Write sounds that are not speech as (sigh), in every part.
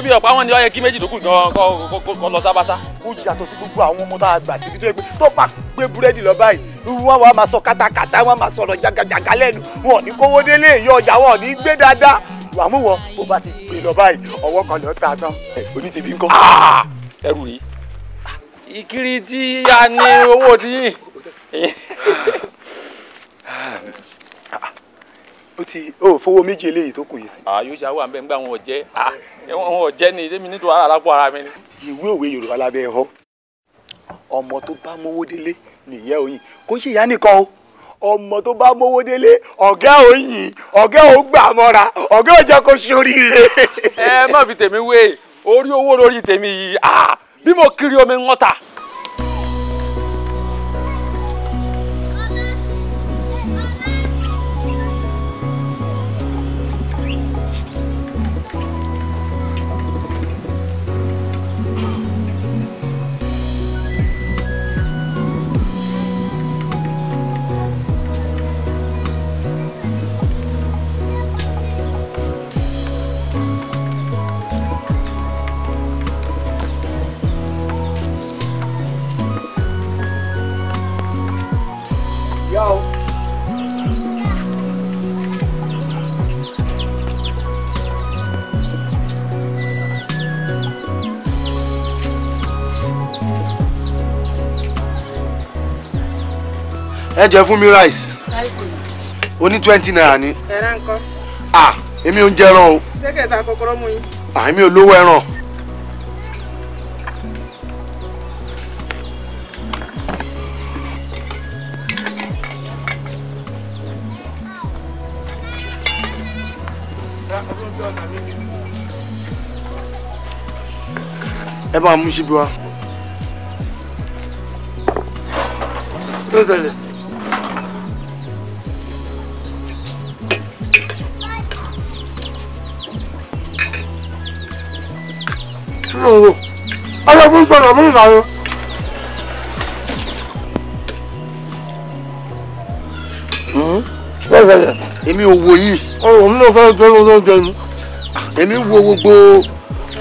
ṣé bí ọ̀pá wọn ni ó yẹ kí méjì tó kù gan kọ́ lọ sábàṣá. ó yàtọ̀ sí gbogbo àwọn ọmọ tá a gbà síbi tó yẹ pé tó bá gbé búrẹ́dì lọ báyìí wọn wàá máa sọ kátakátá wọn máa sọ̀rọ̀ jàgàjàgà lẹ́nu wọn ò ní kówó délé èyí ọjà wọn ò ní gbé dáadáa wàá mú wọn bó bá ti gbé lọ báyìí ọwọ́ kan lọ́ọ́ ta tán. oní tèmi ń kọ́. Ah! ẹrù yìí ìkiri tí a ní owó ti yín. Ah! Ah! ó ti ó fowó méje eléyìí tó kù yìí sí. àyùsà wà ń bẹ ń gbà wọn jẹ wọn ò jẹ́ ni èmi nítorí wàhálà lápò ara mi ni. ìwé òwe yorùbá lábẹ́ ẹ̀họ́ ọmọ tó bá mówó délé nìyẹn oyin kò ń ṣe ìyá nìkan o ọmọ tó bá mówó délé ọ̀gá oyin ọ̀gá ò gbà mọ́ra ọ̀gá ò jẹ́ kó ṣoríire. ẹ má fi tèmi wé orí owó lórí tèmi yìí ah, bí mo kiri omi ń wọ́ta. ẹ jẹ fún mi rice. rice o ní twenty naira ni. ẹran ńkọ́. à èmi ò ń jẹ ẹran o. ṣé kẹsàn-án kòkòrò mú yín. à èmi ò lówó ẹran. ẹ bá a mú síbi wa. sọ̀rọ̀ mú Hum. yẹn. lẹ́sẹ̀lẹ̀. èmi ò wo yìí. ọ̀rọ̀ mi náà fẹ́ẹ́ jẹun ló ń jẹ ni. èmi wo gbogbo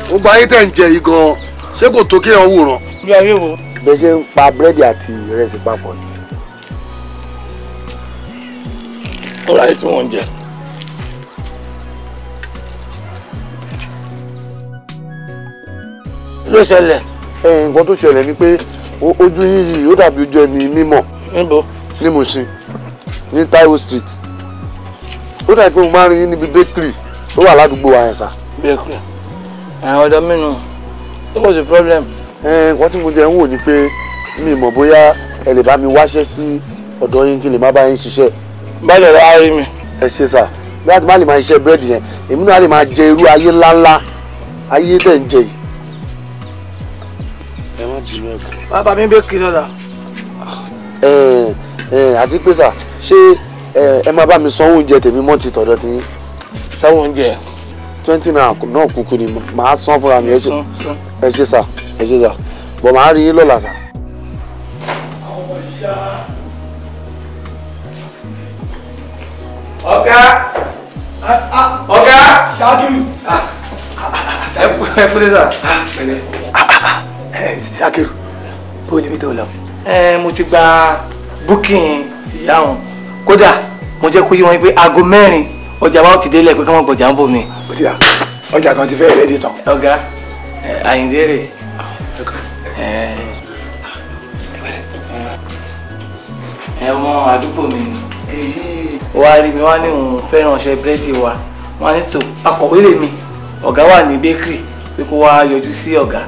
gbogbo ayé tẹ̀ ń jẹ yìí gan-an ṣé kò tó kí ẹ̀ ń wòran. bí ayé wo. bẹ́ẹ̀ ṣe ń pa búrẹ́dì àti ìrẹsì papọ̀ ni. ọ̀rọ̀ ayé tí wọ́n ló ṣẹlẹ̀ nǹkan tó ṣẹlẹ̀ ni pé ojú yín yìí ó dàbí ojú ẹni mímọ̀ níbo ní Mùṣin ní Taiwo street ó dàbí pé mo máa ń rí yín níbi bakery tó wà ládùúgbò wa yẹn bakery àwọn ọ̀dọ́ mi nù ó kò sí problem. nǹkan tí mo jẹ ń wò ni pé mi mọ̀ bóyá ẹ lè bá mi wáṣẹ́ sí ọ̀dọ̀ yín kí lè má bá yín ṣiṣẹ́. báyọ̀ lọ́wọ́ á rí mi. ẹ ṣe sà bí a ti má lè máa ṣiṣẹ́ búrẹ́dì yẹn èmi náà lè máa jẹ irú ayé ńláńlá ayé tẹ̀ ń jẹ yìí tìlú ẹ̀kọ́. bàbá mi bẹ́ẹ̀ kiri ọ̀dà. àti pé sà ṣé ẹ máa bá mi san oúnjẹ tèmi mọ́ ti tọ̀dọ̀ tiyín. sáwọn oúnjẹ. twenty naira náà kúkú ni màá san fúnra mi ẹ ṣe ẹ ṣe sà ẹ ṣe sà bọ̀ màá rí yín lọ́la sà. ọ̀gá ọ̀gá ṣáàkiri ah, ah, ah, ẹ kúrẹ́ sà. Eh, Sakiru bó níbi tó lọ. Eh, mo ti gba booking ìyá wọn kódà mo jẹ́ kó yé wọn pé aago mẹ́rin ọjà wa ó ti délẹ̀ pé káwọn gbọ̀jà ń bò mí. ó ti rà ọjà kan ti fẹ́ rẹ́dí tán. ọ̀gá eh, àyíǹde rè ẹ̀wọ̀n ah, àdúgbò mi ni wàá rí mi wá ní òun fẹ́ràn ọṣẹ búrẹ́dì wa wọn á ní tò akọ̀wé lèmi ọ̀gá wà ní bẹ́kìrì pé kó wá yọjú sí ọ̀gá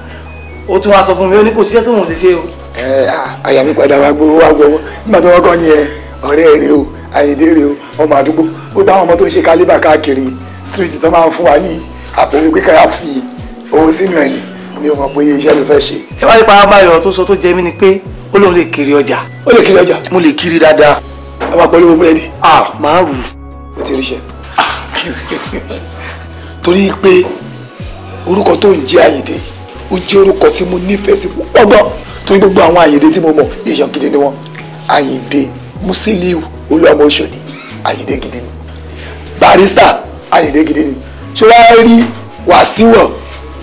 ó tún wá sọ fún mi ó ní kò sí ẹ tó mò ń o. ẹ àyà mi padà wá gbowó wá gbowó nígbà tí wọn kọ ni ẹ ọ̀rẹ́ rẹ o àyèdè rẹ o ọmọ àdúgbò gbogbo àwọn ọmọ tó ń ṣe kálíbà káàkiri street tó máa ń fún wa ní àpòwé pé ká fi owó sínú ẹ ní ní ọmọ pé iṣẹ́ ló fẹ́ ṣe. ṣé wàá nípa abayọ tó sọ tó jẹ mí ni pé ó lóun lè kiri ọjà. ó lè kiri ọjà. mo lè kiri dáadáa. ẹ máa pẹ̀lú owó búrẹ́dì. ah máa rù. o ti ríṣẹ́. torí pé orúkọ tó ń jẹ́ àyèdè yìí ó jẹ́ orúkọ tí mo nífẹ̀ẹ́ sí púpọ̀ gan torí gbogbo àwọn àyèdè tí mo mọ̀ èèyàn gidi ni wọ́n àyèdè musiliu olúwàmọ̀ òṣòdì àyèdè gidi ni barista àyèdè gidi ni ṣé wàá rí wàsíwọ̀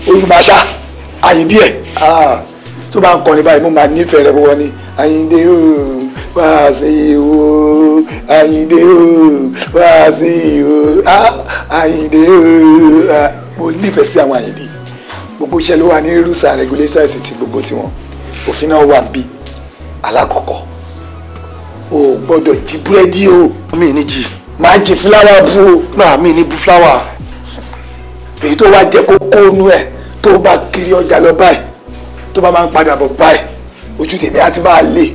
olùmọ̀ṣá àyèdè ẹ̀ ah, tó bá ń kọrin báyìí mo máa nífẹ̀ẹ́ rẹ̀ wọ́n ni àyèdè ooo wá sí o àyìndé o wá sí o àyìndé o ah, ah. mo nífẹ̀ẹ́ sí àwọn àyìndé gbogbo iṣẹ́ ló wà ní rules and regulations ti gbogbo tiwọn òfin náà wà bí alákọ̀ọ́kọ́ o gbọ́dọ̀ jí búrẹ́dì o. mi ni jí. máa jí fúláwà bú o. máa mi ni bú fúláwà. èyí tó wá jẹ́ kókó inú ẹ̀ tó bá kiri ọjà lọ báyìí tó bá máa ń padà bọ̀ báyìí ojú tèmi á ti máa lè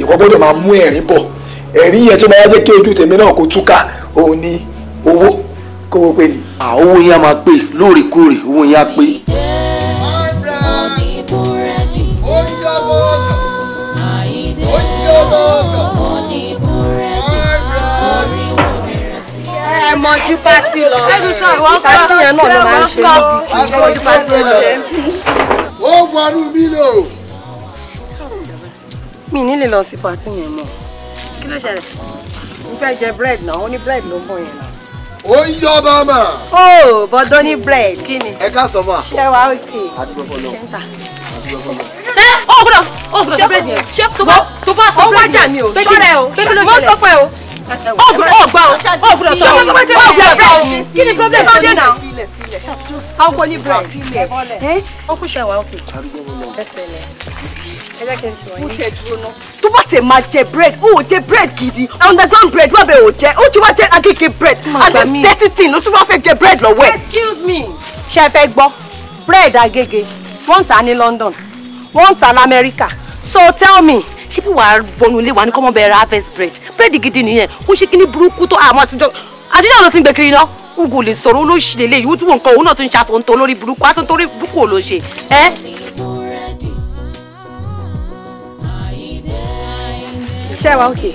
ìwọ gbọ́dọ̀ máa mú ẹ̀rín bọ̀ ẹ̀rín yẹn tó máa jẹ́ kí ojú tèmi náà kó túká òun ni owó kówó pé ni. àwọn owó yẹn á máa pè lóòrèkóòrè owó yẹn á pè. ọmọ ju pátì lọ pátì yẹn náà ló máa ń ṣe níbi ọmọ ju pátì lọ. ó wọnú mi lò. mi ní lè lọ sí pátì yẹn mọ́ kí ló ṣẹlẹ̀ n fẹ́ jẹ bread náà ó ní bread ló ń bọ̀ yẹn náà. ó ń yọ bàmà. Oh, ó bọ́dọ̀ ní bread kí ni. ẹ ká sọ ma. ṣé wàá òkè ṣé ń ta ó gbọ́dọ̀ ó gbọ́dọ̀ sí bread yẹn ṣé tó bá tó bá sọ bread yẹn ó wájà mi ò ṣọ́ra ẹ o bébí ló ṣẹlẹ̀ Oh, oh, Oh, ọgbà ọgbà ọgbà tó ọgbà tó ọgbà tó kí ni problem tó ní náà àwọn kò ní bread ọkùn ṣe wà òkè tó bá tẹ máa jẹ bread ó jẹ bread gidi underground bread What about ò Oh, ó ti wá jẹ agége bread and this dirty thing ló tún wá fẹ́ bread lọ́wọ́ ẹ̀. excuse me. ṣe fẹ́ gbọ́ bread agége wọ́n Once I'm in London once I'm tà lamẹ́ríkà so tell me ṣé bí wàá wọnú ilé wa ní kọ́mọ́ bẹ̀rẹ̀ harvest bread bírèdì gidi nìyẹn ó ṣe kí burúkú tó àmọ́ àtijọ́ àtijọ́ ló ti ń gbé kiri náà ugo lè sọ̀rọ̀ olóṣì lélẹ̀ yìí wútúwò nǹkan òun náà tún ṣàtòǹtò lórí burúkú àtúntò lórí burúkú ò ló ṣe ẹ́. ṣé òkè.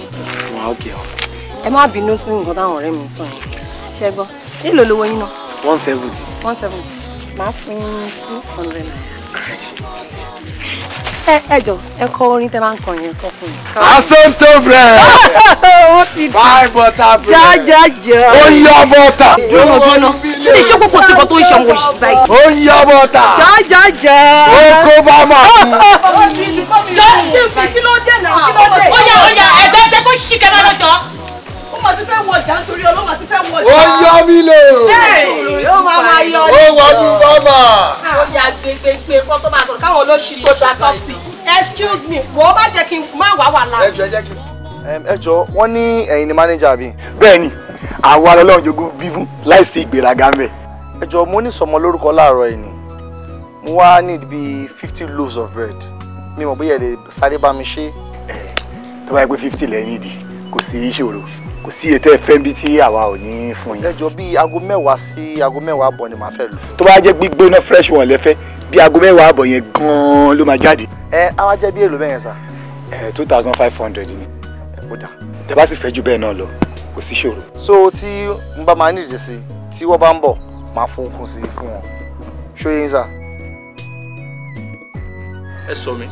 ẹ má bínú sí nǹkan táwọn ọ̀rẹ́ mi sọ yẹn ṣe gbọ́ èlò lówó yín náà ẹ ẹ jọ ẹ kọ orin tẹ máa ń kọ yẹn kọ fún mi. asento brẹ. o ti di jajaja. o ń yọ bọ́tà. jóná jóná tí lè ṣe kókó tí kò tó ń ṣe ọmọ òṣì báyìí. o ń yọ bọ́tà. jajaja. o kó bá máa kú. jọ́sìn fi kí ló dé náà kí ló dé. ó yá ó yá ẹgbẹ́ tẹ kó ṣì kẹ́ lọ́jọ́ ó yọ mí lè o. ó máa ma yọ ní. ó wọ́n tún ó yà gbégbégbé kó tó máa sọ̀rọ̀ káwọn olóṣì tó da tán sí excuse me wọ́n bá jẹ́ kí n má wá wà Ejo, ẹ jọ ẹ jẹ́ kí n. ni manager bí. bẹ́ẹ̀ni àwa lọ́lọ́run jogún bíbú láìsí ìgbéraga ń bẹ. ẹ Ejo, mo ní sọmọ lórúkọ láàárọ̀ yìí ni mo wá need be fifty loaves of bread mi mọ̀ bóyá ẹ lè sáré bá mi ṣe. tó bá yẹ pé fifty lẹ́yìn ìdí kò sí ìṣòro kò sí ètò ẹ̀fẹ́ bíi tí àwa ò ní fún yín. ẹ jọ bíi aago mẹ́wàá sí aago mẹ́wàá bọ̀ ni màá fẹ́ lò. tó bá jẹ́ gbígbóná fresh one le fe bí aago mẹ́wàá àbọ̀ yẹn gan-an ló máa jáde. ẹ á wá bí èlò mẹ́rin sà. ẹ two thousand five hundred ni ó dà tẹ bá sì fẹ́ ju bẹ́ẹ̀ náà lọ kò sí ṣòro. so tí n bá máa nídìí sí tí wọ́n bá ń bọ̀ máa fún kún sí fún wọn ṣóyè ń ẹ sọ mi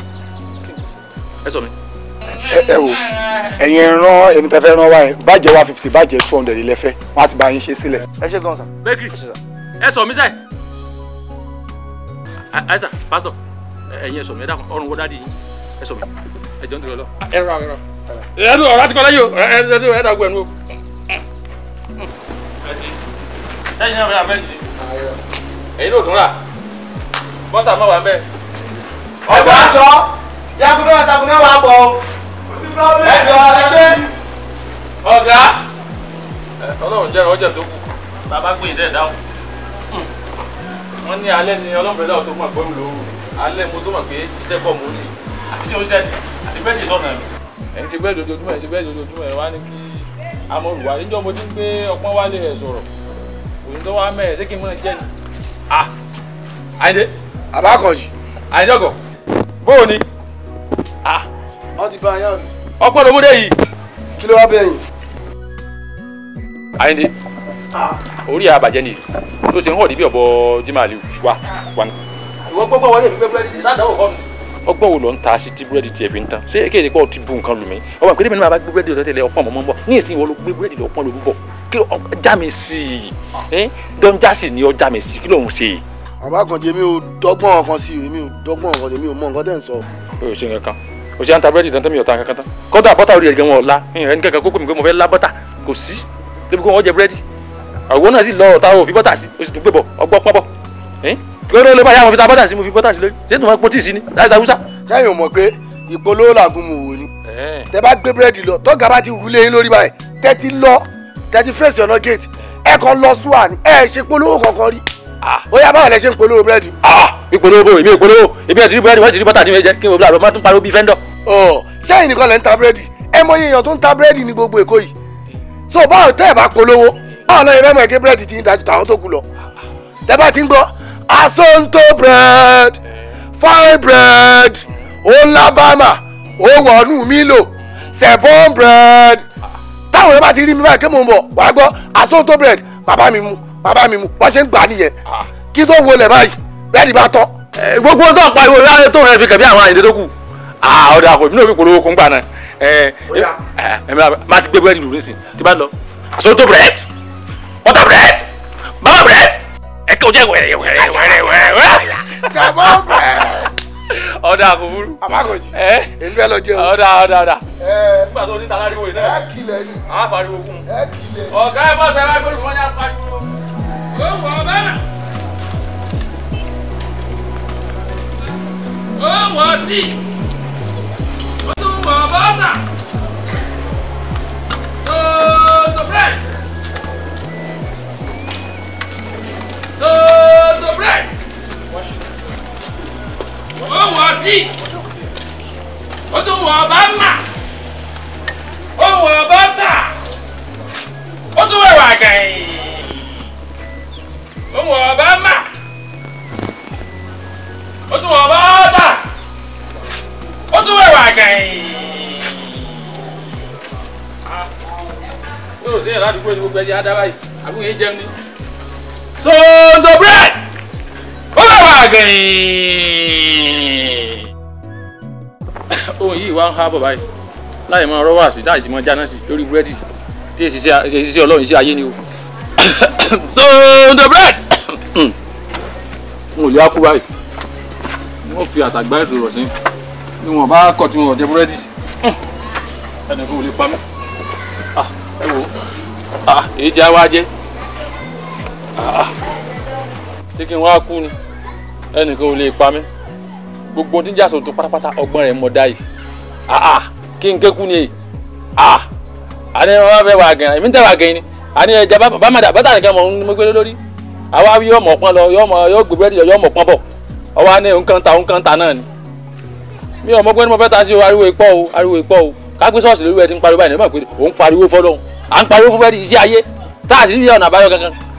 ẹ sọ mi. ẹ wo ẹ̀yin rán ẹni pẹ́fẹ́ rán wa yẹn bàjẹ́ one fifty bàjẹ́ two hundred ilẹ̀ fẹ́ wọ́n á ti bá yín ṣe sílẹ̀. ẹ ṣe gan sa. bẹ́ẹ̀kì ẹ sọ mi sẹ́ẹ̀ àìsà pásítọ̀ ẹ̀yin ẹ̀sọ̀ mi ẹ̀dá ọ̀run wọ́n dáàdì yín ẹ̀sọ̀ mi ẹ̀jọ̀ ń tẹ̀lé lọ. ẹ̀rọ ẹ̀rọ ẹ̀rọ ọ̀rọ̀ àti kọ́lá yìí o ẹ̀rọ ẹ̀dá gbọ́ ẹ̀nu o. ẹ̀yin náà bẹ̀rẹ̀ àbẹ́sì ẹ̀yin ló dùn rà bọ́tà má wà ń bẹ̀. ọ̀gbọ́n àjọ yagunná sagunná wà pọ̀ ẹ̀jọ̀ ẹ ṣe. ọ̀gá ọlọ́run jẹ́rọ ọjà tó kù bàbá gbé ìdẹ́ ìdáhùn wọ́n ní alẹ́ ni ọlọ́mọdé tó mọ̀ pé olóòrùn alẹ́ mo tó mọ̀ pé iṣẹ́ pọ̀ mọ́ sí àti ṣé ó ṣẹ́ni àti bẹ́ẹ̀ ti sọ̀nà mi. ẹ̀ ń ṣe bẹ́ẹ̀ lójoojúmọ́ ẹ̀ ṣe bẹ́ẹ̀ lójoojúmọ́ ẹ̀ wá ní kí amọ̀rùwá níjọ́ mo ti ń gbé ọpọ́n wálé ẹ̀ sọ̀rọ̀ òyìn tó wá mẹ́ ẹ̀ ṣé kí n mọ̀ ṣẹ́ ni. à àyìndé. àbákọ̀jì. àyìndọ́gọ̀ bóò ni. à wọ́n ti bá a yàn. ọpọ́ lomúdé yìí. kí orí àbàjẹ́ ni ló ṣe ń hàn níbi ọ̀bọ jimaliu wa wa. ìwọ gbọ́gbọ́ wọlé mi pé búrẹ́dì ti ládàá òkọ́ mi. ọgbọ́n wo ló ń ta sí tí búrẹ́dì tiẹ̀ fi ń tán ṣé kéde pọ̀ ti bu nǹkan lù mí ọmọ ìpínlẹ̀ mi ni bá búrẹ́dì lọ tẹ́lẹ̀ ọpọ́n mọ́ ní ìsìn ìwọ ló gbé búrẹ́dì lọ pọ́n bọ̀ kí já mi sí i dọ́njá sì ni ọjà mi sí kí lòun ṣe. bàbá kan jẹ́ mi ò dọ́gbọ́n kan sí mi ò dọ́gbọ́n kan jẹ́ mi ò mọ nǹkan tẹ́ ń sọ. o ṣe nǹkan o ṣe à búrẹ́dì tán tán mi tán kọ́dà bọ́tà orí ẹ̀gẹ́ wọn ọ̀la ẹnì kankan kó pè mí mo fẹ́ lá bọ́tà kò sí débi kó wọ́n jẹ búrẹ́dì àwọn náà sì lọ ọ̀tá òfin bọ́tà sí o sì tún gbé bọ̀ ọgbọ́ pọ́n bọ̀ kí ló bá yà wọn fi ta bọ́tà sí mo fi bọ́tà sí lórí ṣé tùmọ̀ pọ́tì sí ni láti sàwúsà. sẹ́yìn ò mọ̀ pé ìpolówó làgùn mò wò ni tẹ bá gbé búrẹ́dì lọ tọ́gà bá ti wulẹ̀ yín lórí báyìí tẹ́tí lọ tẹ́tí fèsì ọ̀nà géètì ẹ kàn lọ súwà ni ẹ ṣe polówó kankan rí ó yá báwo lẹ ṣe ń polówó búrẹ́dì. ìpolówó ah, bò èmi ìpolówó èmi ẹ̀ ti rí búrẹ́dì wọ́n ti rí bọ́tà ní ẹ̀jẹ̀ kí n wò búrẹ́dì wọ́n tún pariwo bíi fẹ́ńdọ̀. sẹ́yìn nìkan lẹ́ ń ta búrẹ́dì ẹ mọ iye èèyàn tó ń ta búrẹ́dì ní gbogbo Èkó yìí so báwo tẹ́ ẹ bá polówó báwo náà ìrẹ́mọ̀ ẹ̀kẹ́ búrẹ́dì ti ń dájú tàwọn tó kù lọ tẹ́bá ti ń gbọ́ asonto bread fine bread olabama owọ́nù milo seven bread táwọn èèyàn bá ti rí mi báyìí kí mò ń bọ̀ wàá gbọ́ asonto bread bàbá mi mu bàbá mi mu bá ṣe ń gbà nìyẹn kí tó wọlé báyìí bẹ́ẹ̀ni bá tọ́. gbogbo tó ń pariwo láyé tó ń fi kẹ̀mí àwọn àyèdè tó kù ọ̀dà àkọ́bí náà fi polówó kún gbà náà. máa ti gbé búrẹ́dì lù nísìnyí tí bá lọ asonto bread water bread baba bread ẹ kí o jẹ wẹrẹ wẹrẹ wẹrẹ wẹrẹ. vamos bread. ọ̀dà kò burú. amagoji èmi fẹ́ lọ jẹun. ọ̀dà ọ̀dà ọ̀dà. nígbà tó ní talariwo yìí náà. ẹ kìlẹ̀ ni. a fariwo kún. ẹ kìlẹ̀ ni. ọ̀gá ẹ bọ́ sẹ́wọ́n agbẹ́rù fún ọjà pariwo. ó wọ̀ ọ́ bẹ́ẹ̀ ó wọ̀ ọtí ó tún wọ̀ bọ́ọ̀tà tó tó bẹ́ẹ̀. so so bread ó wọ ọtí ó tún wọ ọba mà ó wọ ọba tà ó tún wọ ẹwà gàìn ó Sonto bread ó bẹ̀ wá gẹ̀yìn. ohun yìí wá ń há bọ̀ báyìí láì mọ ọ̀rọ̀ wá sí láì sì mọ jáná sí lórí búrẹ́dì tí èsì sí ọlọ́run sí ayé ni o. (coughs) Sonto bread (coughs) n ò lè akú báyìí wọn fi àtàgbá ìṣòro sí ni wọn bá kọ tí wọn jẹ búrẹ́dì (coughs) ẹnì kan ò lè pa mí ah, ẹ wò ó ah, èyí tí a wá jẹ ṣé kí n wá kú ni ẹnìkan ò lè pa mí gbogbo tí ń jàsọ̀ tó pátápátá ọgbọ́n rẹ̀ mọ̀ dáyì kí n ni èyí àní wọn fẹ́ wà gẹ̀rẹ́ èmi ń tẹ̀ gẹ̀yìn ni àní ẹja bá má dà bá mo gbé lórí àwa wí yóò mọ̀ lọ yóò mọ̀ yóò gbé búrẹ́dì yóò mọ̀ pọ́n bọ̀ ọwọ́ àní ta nǹkan ta náà ni mi ò pé ní mo fẹ́ ta sí o ariwo o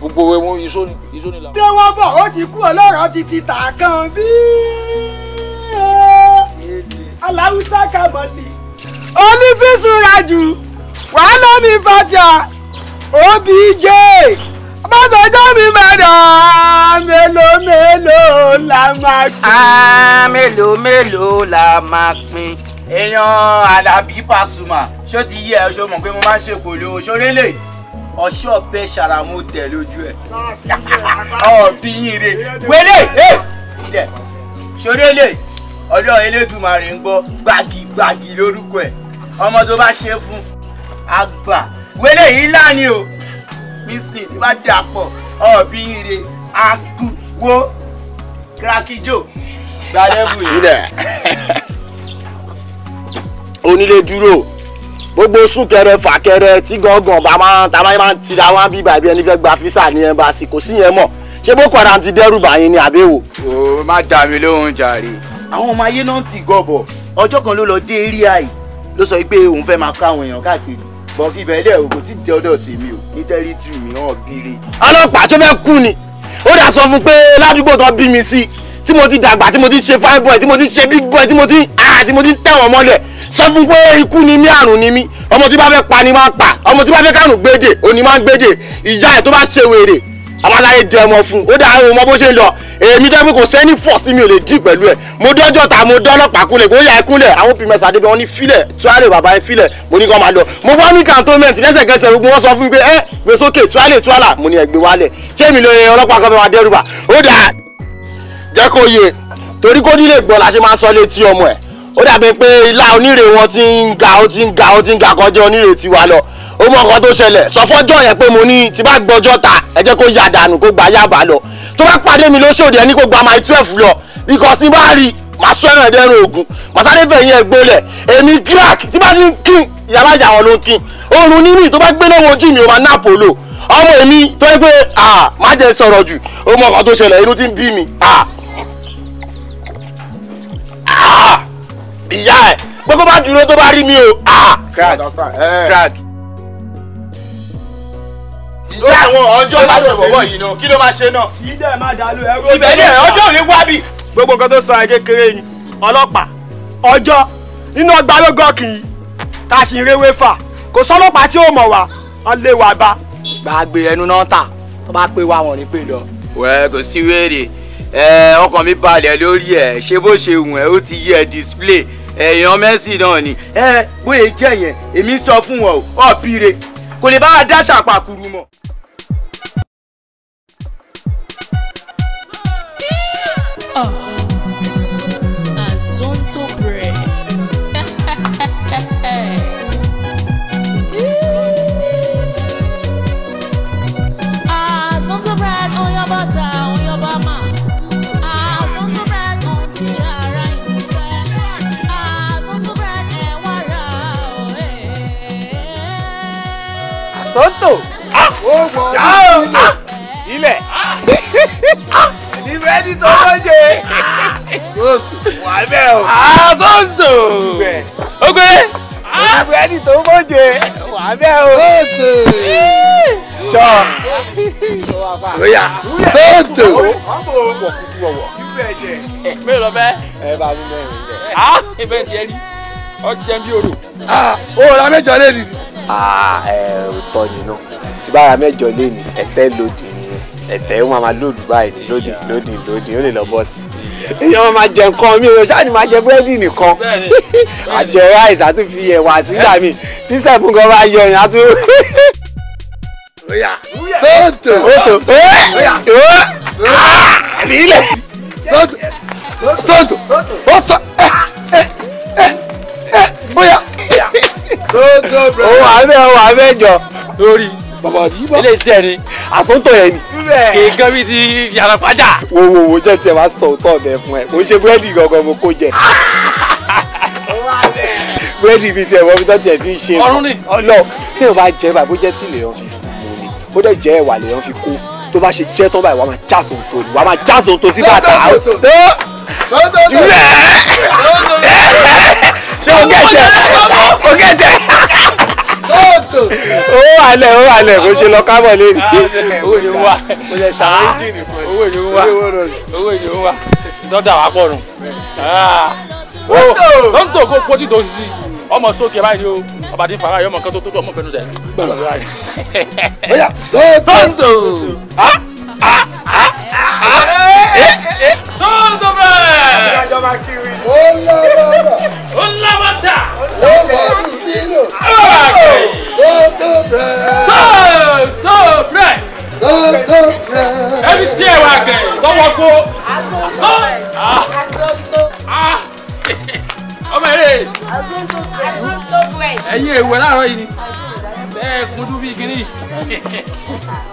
gbogbo ẹ̀wọ̀n iṣó ni là. ṣé wọ́n bọ̀ ó ti kú ọlọ́rọ̀ ti ti tà kan bí aláwùsá kàmọ́lì onífísùnrajù wàá lómi fàtíà òbí jẹ́ bọ́sọ̀jọ́ mi mẹ́rọ mélòó mélòó la máa pín. mélòó mélòó la máa pín. èèyàn alábí Pasuma ṣó ti yí ẹ ṣó mọ̀ pé mo máa ń ṣèpò lóṣòrélè ọṣọ ọpẹ ṣàràmù tẹ lójú ẹ ọbí yín re wẹlé ẹ ṣorélè ọjọ elédùnmarè ń gbọ́ gbagigbagi lórúkọ ẹ ọmọ tó bá ṣe fún àgbà wẹlé yìí lánìí o mísìn tí bá dà pọ̀ ọbí yín re àgùwò kírákíjò gbàdébù yìí. onílé dúró gbogbo súnkẹrẹ fàkẹrẹ tí gángan bá máa ta máa ń tira wọn bí bàbí ẹni fẹ́ gba físà ní ẹmbàsì kò sí yẹn ṣé boko haram ti dẹ́rù bàyín ni àbẹ́wò. o má dà mí lóhùn jàre àwọn ọmọ ayé náà ti gọbọ ọjọ́ kan ló lọ dé eré àì ló sọ pé òun fẹ́ máa ká àwọn èèyàn káàkiri bọ́n fi bẹ̀rẹ̀ ògùn tí jẹ́ ọ̀dọ̀ tèmi o ní tẹ́rítìrì mi hàn bíire. ọlọ́pàá tó fẹ́ kú ni ó dà sọ fún pé ládùúgbò tó bí mi sí tí mo ti dàgbà tí mo ti ṣe fine tí mo ti ṣe big tí mo ti ah, tẹ̀wọ̀n mọ́lẹ̀ sọ fún pé ikú ni mí àrùn ni mí ọmọ tí bá fẹ́ pa ni máa pa ọmọ tí bá fẹ́ kárùn gbédè òní máa ń gbédè ìyá ẹ̀ tó bá ṣe wèrè àbáláyé di ọmọ fún ó dáa ọmọ bó ṣe ń lọ èmi dẹ́gbẹ́ kò sẹ́ni fọ́ọ̀sì mi ò lè dì pẹ̀lú ẹ̀ mo dọ́jọ́ ta mo dọ́lọ́pàá kúnlẹ̀ kó yà ẹ́ kúnlẹ̀ àwọn pimẹ́ sàdébẹ̀ wọn ní filẹ̀ tuwálé bàbá ẹ filẹ̀ mo ní kó máa lọ mo wá ní cantonment lẹ́sẹ̀kẹsẹ̀ gbogbo wọn sọ fún mi pé ẹ gbé sókè tuwálé tuwálà mo ní ẹgbẹ́ wálẹ̀ ṣé mi lóye ọlọ́pàá kan fẹ́ wá dẹ́rùbà ó dáa jẹ́ kó yé torí kó nílé gbọ́ la ṣe máa sọ létí ọmọ ẹ̀ ó dàbí pé ilá onírè wọn ti ń ga ó ti ń ga ó ti ń ga kọjá onírè tiwa lọ ó mọ nǹkan tó ṣẹlẹ̀ sọ fọ́jọ́ yẹn pé mo ní tí bá gbọ́jọ́ ta ẹ jẹ́ kó yà dànù kó gba yàbá lọ tó bá pàdé mi lóṣòdì ẹni kó gba my twelve lọ because bá rí màá sọ ẹ̀rọ ẹ̀dẹ́rùn ògùn màsáré fẹ̀yìn ẹ̀ gbólẹ̀ èmi crack tí bá ti ń kín ìyàbá ìyàwó ló ń kín oorun nínú tó bá gbé lọ́wọ́ ojú mi ò máa ná polo ọmọ èmi tó ń pé má jẹ́ sọ̀rọ̀ jù ó mọ nǹkan tó ṣẹlẹ̀ inú ti ń bí mi ìyá ẹ̀ pé kó bá dúró tó bá rí mi o. crack eh, eh. ìyá àwọn ọjọ́ máa ṣe bọ̀bọ̀ yìí náà kí ló máa ṣe náà. kì í dẹ̀ máa dàlú ẹrú. ibẹ̀ ni ọjọ́ ò ní wá bí. gbogbo nǹkan tó sọ ẹ kékeré ni ọlọ́pàá ọjọ́ nínú ọgbà ló gọ́ọ̀kì yìí tá a sì ń rewé fà kò sọ́lọ́pàá tí ò mọ̀ wá wọ́n lé wa bá. gbàgbé ẹnu náà tà tó bá pé wa wọn ní pè lọ. wẹ́ẹ́ kò sí wéèrè eh, ọkàn mi balẹ̀ lórí ẹ̀ ṣé bó ṣe wù ẹ́ ó ti yí ẹ display èèyàn mẹ́sì náà ni ẹ bóyá jẹ́ yẹn èmi sọ fún wọn ọ̀ pire kò lè bá a dá ṣàpàkùrù mọ́. toronto. Ah! Ah! ó wọ ah! ilẹ̀ ilẹ̀ níbẹ̀ ní tọ́lọ́jẹ́ sóòtù wà bẹ́ẹ̀ o. sóòtù ó gbé. níbẹ̀ ní tọ́lọ́jẹ́ wà bẹ́ẹ̀ o. sóòtù jọ lóyà sóòtù. mi lọ bẹ. ẹ bá mi mẹ́rin bẹ́ẹ̀. ibẹ̀ jẹ́ rí ọjọ́ bí oro. ó ra mẹ́jọ lé nìyí. Ah, ìtọ́ ni náà tí bára mẹ́jọ lé ní ẹ̀tẹ́ lòdì nìyẹn ẹ̀tẹ́ ó máa máa lòdì báyìí lòdì lòdì lòdì ó lè lọ bọ́ sí èyí ọmọ máa jẹ nǹkan mi èyí ṣáà ni máa jẹ búrẹ́dì nìkan àjẹ ráìsì àtúnfi ẹ̀wà sígbà mi tí sẹ́fún gan bá yọ ìyá tó. sọ́tò sọ́tò àlílẹ̀ sọ́tò sọ́tò ó sọ ẹ ẹ ẹ bóyá ó wà bẹ́ẹ̀ wà bẹ́ẹ̀ jọ. sórí bàbá àdìyíbá ilé iṣẹ́ ni. àsọtọ̀ yẹn ni. kì í gan bí ti yàrá padà. wo wo wo jẹ́ tiẹ̀ wá sọ òótọ́ ọ̀bẹ fún ẹ mo ń ṣe búrẹ́dì gangan mo kó jẹ. búrẹ́dì bíi tiẹ̀ wọ́n fi tọ́ tiẹ̀ ti ń ṣe. ọrùn ni. ọlọ tí o bá jẹ bàbá bó jẹ́ tí lè yan fi kú bó dẹ̀ jẹ́ ẹ̀wà lè yan fi kú tó bá ṣe jẹ́ tán báyìí wàá máa já sòǹtò ni wàá máa já sòǹtò sí bàtà. sọ́tò sòǹtò sọ́tò sòǹtò ṣé o gẹ̀ẹ́tẹ̀ o gẹ̀ẹ́tẹ̀ ó wà lẹ̀ ó wà lẹ̀ kò ṣe lọ kábọ̀ lé ní. owó yìí ń wà kò ṣe ṣàmúlò owó yìí ń wà owó yìí ń wà dọ́dà wà pọ̀ rùn. tóńtò kó pọ́tì tó sí ọmọ sókè báyìí ni ó ọba tí ń fara yọmọ kan tó tó tó ọmọ fẹnu sẹ. tóńtò sóòdù bẹ́ẹ̀. ó lábàbà. ó lábàtà. ó bọ̀dù nínú. sóòdù bẹ́ẹ̀. sóòdù bẹ́ẹ̀. sóòdù bẹ́ẹ̀. ẹbí tí ẹ wá gẹ̀ lọ́wọ́ kó. àsọ̀tò ah. àsọ̀tò. Ah. ọmọ eré. àsọ̀tò bẹ́ẹ̀. ẹ̀yin èèwọ̀ láàárọ̀ yìí ni ẹ kudu bíi kiri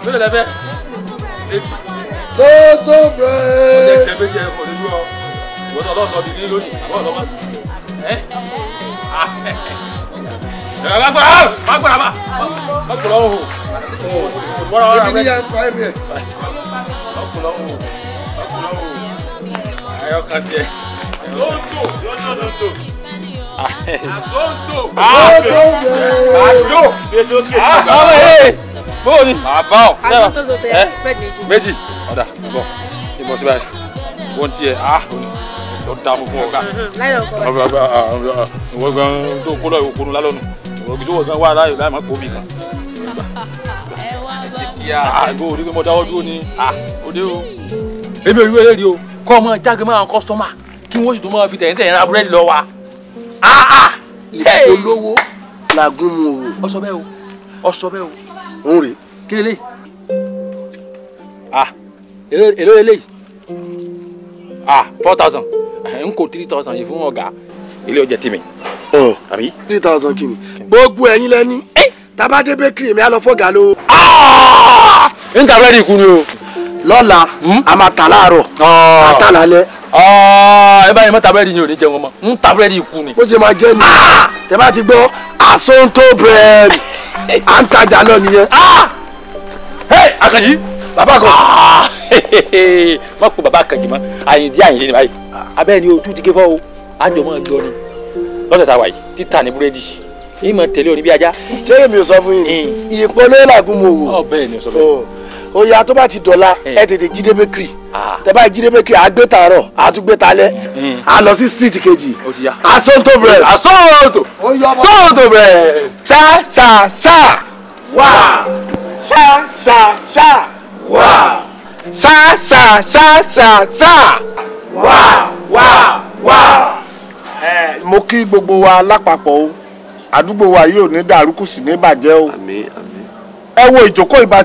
mélòó lẹ fẹ́ tó tó bẹ̀rẹ̀. ọjọ́ ìjẹ́ méjì ẹ̀kọ́ nínú ọ ìwọ náà lọ́ọ̀tọ́ mi ní lónìí àbọ̀ ọ̀dọ́ wa. ẹ má gbọ́dọ̀ má gbọ́dọ̀ má má gbọ́dọ̀ ọ̀hún. èmi ní yà ń pa ẹ̀mí ẹ̀. ọkùnrin ọ̀hún ọkùnrin ọ̀hún ayọ́ka tiẹ̀. lóńtò lọ́jọ́ lóńtò. àtúntò. àtúntò. àtúntò. bóòni. bàbá ọ̀. àtúntò tó tẹ ẹ méjì ọ̀dà bọ̀ ìbọn síbẹ̀ wọ́n ti yẹ ah ó da fún fún ọ̀gá ìwọ gan tó kó lọ ìwọ kó lọ lálọ́nu ìwọ gidi wọ̀ gan wà láyò láì má kó mi kan. àgbo òde pé mo dáwọ́ dúró ni òde o. èmi ò rí wẹ́rẹ́ rí o kọ́ ọmọ jágbe máa ń kọ́sọ́mà kí wọ́n sì tún máa fi tẹ̀yìn tẹ̀yìn ra búrẹ́dì lọ wa. olówó làgùn mu o. ọsọ bẹ́ẹ̀ o ọsọ bẹ́ẹ̀ o. òun rè kí lélẹ́yìí èló eléyìí ah four thousand n kò three thousand yìí fún ọ̀gá ilé ọjà tèmi. àbí. three thousand kìíní gbogbo ẹ̀yin lẹ́ni eh? tábà dé bakery mi á lọ fọ́gà ló. Ah! n ta bẹ́ẹ̀ ni ikú ni o. lọ́la hmm? a máa tà láàárọ̀ ah. a tà lálẹ́. Ah, ẹ báyìí mọ́ta bẹ́ẹ̀ ni o ní jẹun ọmọ n ta bẹ́ẹ̀ ni ikú ni. ó ṣe máa jẹ́ ni tẹ bá ti gbọ́ àsonto bẹ́ẹ̀ (laughs) à ń tajà lọ nìyẹn. Àkànjí. Baba kan. Ah, (laughs) má kó baba kan jì mọ́ àyìndí àyìndí ni báyìí abẹ́ ni ojú ti gé fọ́ o àjọ máa jọ ni lọ́sẹ̀ tá a wà yìí títà ní búrẹ́dì yìí máa tẹ̀lé òní bí ajá. ṣé èmi ò sọ fún yín ìpolówó làgùn mo wò. ọ bẹ́ẹ̀ oya tó bá ti dọ̀la ẹ tètè jíde bakery ah. tẹ bá jíde bakery a gbé tààrọ̀ a tún gbé talẹ́ a lọ sí street kejì asonto bread asonto asonto bread sa sa sa wa sa sa sa. Wow. wa lápapọ̀ o. Àdúgbò wa o. Ẹ wo ìjókòó mi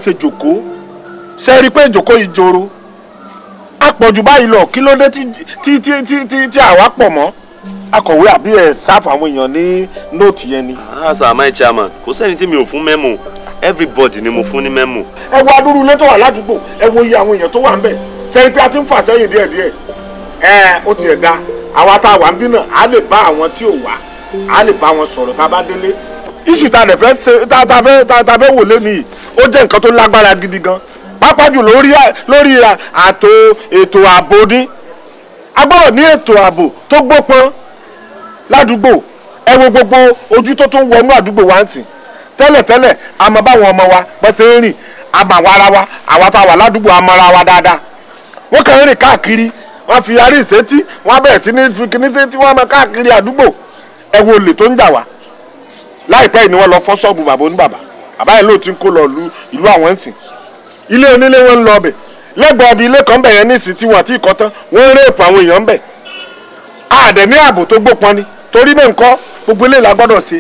ò fún everybody ni mo fún ní mẹ́mù. ẹ wo adúrú ilé tó wà ládùúgbò ẹ wo iye àwọn èèyàn tó wà ń bẹ̀ sẹ́yìn pé a ti ń fà sẹ́yìn díẹ̀díẹ̀ ẹ ó tiẹ̀ da àwa tá a wà ń bí náà a lè bá àwọn tí ò wá a lè bá wọn sọ̀rọ̀ tá a bá délé. iṣu ta lè fẹ́ ta ta fẹ́ ta ta fẹ́ wò lé nìyí ó jẹ́ nǹkan tó lágbára gidi gan pàápàá jù lórí lórí àtò ètò ààbò ní a gbọ́dọ̀ ní ètò ààbò tó gbópọn ládùúgbò ẹ wo gbogbo ojú tó tún wọnú àdúgbò wa tẹ́lẹ̀tẹ́lẹ̀ a mọ báwọn ọmọ wa bọ́ rìn a mọ àwa ara wa àwa tá a wà ládùúgbò a mọ ara wa dáadáa wọ́n kàn ń rìn káàkiri wọ́n fi arí ìṣẹ́tí wọ́n bẹ̀rẹ̀ sí ní fi kíní sétí wọ́n mọ káàkiri àdúgbò ẹ wo olè tó ń jà wá láìpẹ́ yìí ni wọ́n lọ fọ́ ṣọ́ọ̀bù bàbá oníbàbà bàbá yẹn lóòótọ́ ń kó lọ ìlú àwọn ń sìn ilé onílé wọn ń lọ ọbẹ̀ lẹ́gbọ̀ọ́ bí ilé kan bẹ̀yẹn ní ìsìn tí àti ìkọ́ tán wọ́n ń réèpù àwọn èèyàn ń bẹ̀ àdẹ̀ ní ààbò tó gbópọn ni torí náà gbogbo eléyìí la gbọ́dọ̀ ṣe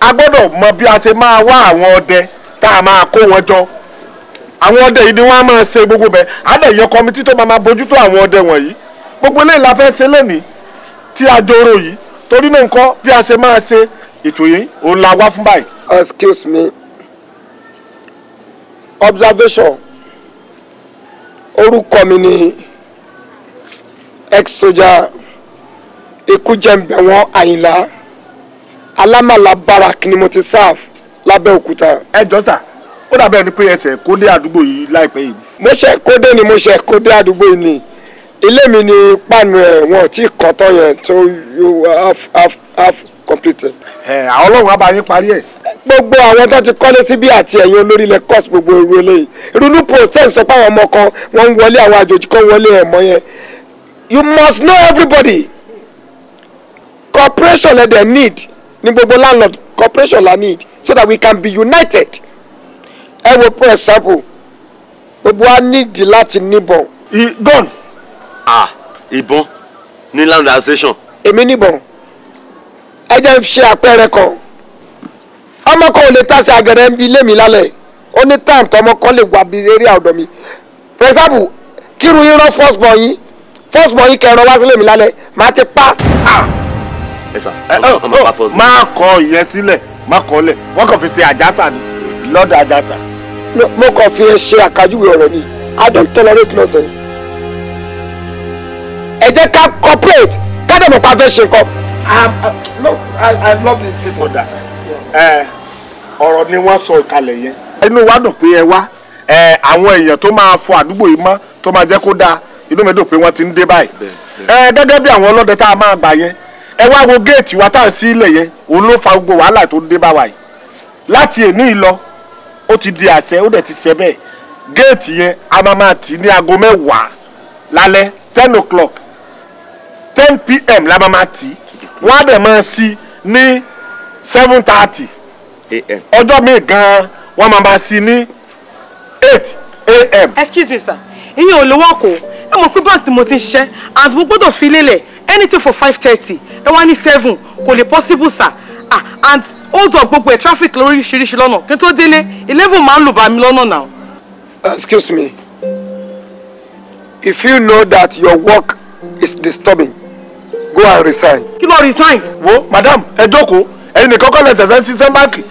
a gbọ́dọ̀ mọ bí a ṣe máa wá àwọn ọdẹ tá a máa kó wọn jọ àwọn ọdẹ yìí ni wọ́n á máa ṣe gbogbo bẹ́ẹ̀ á dẹ̀ yọ kọmitì tó máa ma bójútó àwọn ọdẹ wọ̀nyí gbogbo eléyìí la fẹ́ ṣe lẹ́nìí tí a jọrọ yìí torí náà nǹkan bí a ṣe máa ṣe ètò yìí òun la wá fún báyìí. excuse me observation orúkọ mi ni ex-soja ikú jẹ́ ń bẹ̀ wọ́n àyìnlá alámàlà barak ni mo ti serve lábẹ́òkúta. ẹ jọ sà ó dàbẹ́ ẹni pé ẹsẹ̀ kó dé àdúgbò yìí láìpẹ́ yìí. mo ṣe kó ni mo ṣe kó àdúgbò yìí ni ilé mi ni páànù ẹ̀ wọn ò tí ì yẹn tó half half half completed. ẹ àwọn ọlọ́run á yín parí ẹ̀. gbogbo àwọn tó ti kọ́lé síbí àti ẹ̀yin olórí ilẹ̀ cost gbogbo irú eléyìí rúnú process sọ pé àwọn ọmọ kan wọ́n ń wọlé àwọn àjòjì wọlé ẹ̀mọ́ yẹn you must know everybody cooperation ẹ̀ dẹ̀ need ní gbogbo landlord corporation la need so that we can be united ẹ wo for example gbogbo wa need láti níbọn. ìbọn. ah ìbọn ní landlord association. èmi níbọn ẹ jẹ́ ń ṣe àpẹẹrẹ kan ọmọ kan ò lè tàṣe àgẹ̀rẹ̀ ń bi ilé mi lálẹ́ ó ní time tọmọ kan lè wà bí eré ọ̀dọ̀ mi for example kírun yín rán first born yín first born yín kẹrin wá sílé mi lálẹ́ màá ti pa. Ah. Oh, oh, má kọ ìyẹn sílẹ̀ má kọ lẹ̀ wọ́n kàn fi ṣe àjàtà ni lọ́dọ̀ àjàtà. mo kàn fi ṣe àkàjúwe ọ̀rọ̀ ni I don't tolerate nonsense. ẹ jẹ́ ká cooperate ká dẹ̀ mọ̀ pa fẹ́ ṣe nǹkan. I love this city. for that. ọ̀rọ̀ ni wọ́n sọ ìkàlẹ̀ yẹn. inú wa dùn pé ẹ wá àwọn èèyàn tó máa fọ àdúgbò yìí mọ́ tó máa jẹ́ kó dáa inú mi dùn pé wọ́n ti ń dé báyìí. gẹ́gẹ́ bí àwọn ọlọ́dẹ tá a máa gbà yẹn ẹ wá wo géètì wa tá à ń sí ilẹ̀ yẹn òun ló fa gbogbo wàhálà tó dé bá wa yìí láti èní ìlọ ó ti di àṣẹ ó dẹ̀ ti ṣe bẹ́ẹ̀ géètì yẹn a máa máa tì ní aago mẹ́wàá lálẹ́ ten o'clock ten pm la máa máa tì wọ́n á dẹ̀ máa sí ní seven thirty ọjọ́ mi gan-an wọ́n máa máa sí ní eight am. excuse me sir ìyẹn ò lówó ọkọ̀ ẹ mọ̀ pé bank ni mo ti ń ṣiṣẹ́ àti mo gbọ́dọ̀ fi lélẹ̀ anything for five thirty ẹ wá ní seven kò lè possible sir ah and hold up gbogbo ẹ̀ traffic lóríṣiríṣi lọ́nà kí n tó délé eleven máa ń lù bá mi lọ́nà náà. excuse me if you know that your work is disturbing go and resign. kí ló resign. wo madam ẹ jókòó ẹ̀yin nìkan kọ́ lẹ́sẹ̀ sẹ́ńsì sẹ́ńbàkì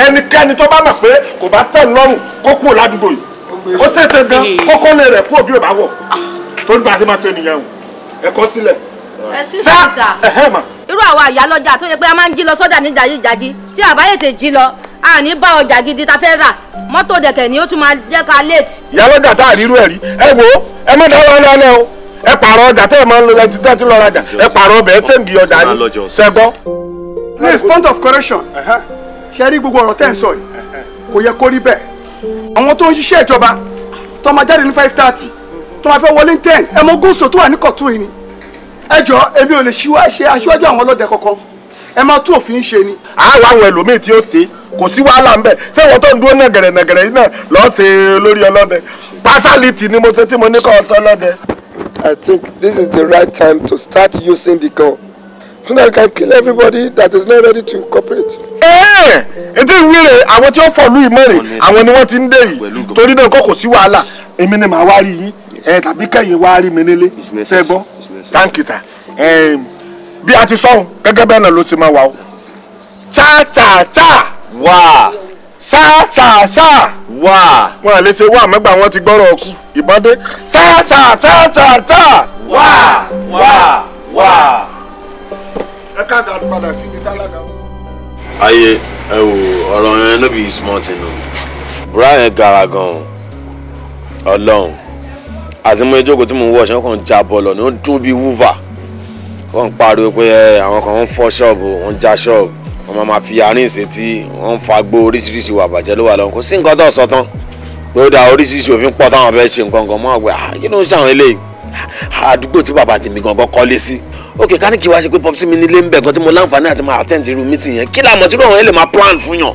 ẹnikẹ́ni tó bá mọ̀ pé kò bá tẹ̀ lọ́rùn kó kúrò ládùúgbò yìí ó tètè gan kókó lè rẹ̀ kú òbí ò bá wọ̀ torí bá a ṣe máa tẹ nìyẹn o ẹ̀kọ́ sílẹ̀. sá ẹ̀hẹ́ mà. irú àwa àyálọ́jà tó yẹ pé a máa ń jí lọ sọ́dà ní jàjíjàjí tí àbáyètè jí lọ a ní bá ọjà gidi ta fẹ́ rà mọ́tò dẹ̀kẹ̀ ni ó tún máa jẹ́ ká late. ìyálọ́jà tá a rí irú ẹ̀ rí ẹ wo ẹ má dáwọ́ lọ́lẹ́ o ẹ pààrọ̀ ọjà tẹ́ ẹ máa ń lo ẹtí tẹ́ ẹ ti lọ rajà ẹ pààrọ̀ ọbẹ̀ ẹ tẹ́ ọjà ní sẹ́gbọ́. please point of correction ṣe rí gbogbo ọ̀rọ̀ tẹ́ ẹ sọ yìí kò yẹ kó rí bẹ́ẹ̀ àwọn tó ń ṣiṣẹ́ ìjọba tó máa jáde ní five thirty tó máa fẹ́ wọlé ní ten ẹ mọ gúúsù tó wà ní kọ̀tún yìí ni ẹ jọ èmi ò lè ṣe aṣíwájú àwọn ọlọ́dẹ kankan ẹ máa tún òfin ṣe ni. àwa àwọn ẹlòmíì tí ó ti kò sí wàhálà ń bẹ ṣé wọn tó ń dúró náà gẹ̀rẹ̀gẹ̀rẹ̀ yìí náà lọ́ọ́ ṣe lórí ọlọ́dẹ pásálìtì ni mo ṣe tí mo ní kọ́ ọ̀tọ́ ọlọ́dẹ. I think this is the right time to start using the gun so that we can kill everybody that is not ready to cooperate. Eh! ètò ìwúre àwọn tí ó fọ̀lú ìmọ̀ràn àwọn ni wọ́n ti ń tori yìí torí náà kò kò sí wàhálà èmi ni màá wá rí yín ẹ eh, tàbí kẹ́yìn wá rí eh, a ti sọ́hun gẹ́gẹ́ bẹ́ẹ̀ náà ló ti máa wà o cha cha cha wà sa wà wọn à lè ṣe ti gbọ́rọ̀ ọkù ìbọn dé sa cha wà wà wà. ayé ẹ wò ọ̀rọ̀ yẹn ló bí small thing o. bùrá yẹn gara gan-an ọlọ́run àti mo ìjókòó tí mo ń wọ̀ ṣé wọ́n kàn já bọ́ọ̀lù ni wọ́n dún bíi wúvà wọ́n ń pariwo pé àwọn kan ń fọ́ ṣọ́ọ̀bù wọ́n ń já ṣọ́ọ̀bù wọ́n máa ma fi àárín ìsètí wọ́n ń fagbó oríṣiríṣi wà bàjẹ́ ló wà lọ́wọ́ kò sí nǹkan tó sọ tán pé ó da oríṣiríṣi òfin pọ̀ táwọn fẹ́ ṣe nǹkan gan mọ́ àgbẹ̀ ah, kí ló ń ṣàwọn eléyìí ah, àdúgbò tí bàbá tèmi gangan kọ́lé sí ok ká ní kí wá ṣe pé pọpsi mi nílé ń bẹ̀ gan tí mo láǹfààní àti máa attend irú meeting yẹn kí làmọ̀ tí wọ́n lè máa plan fún yàn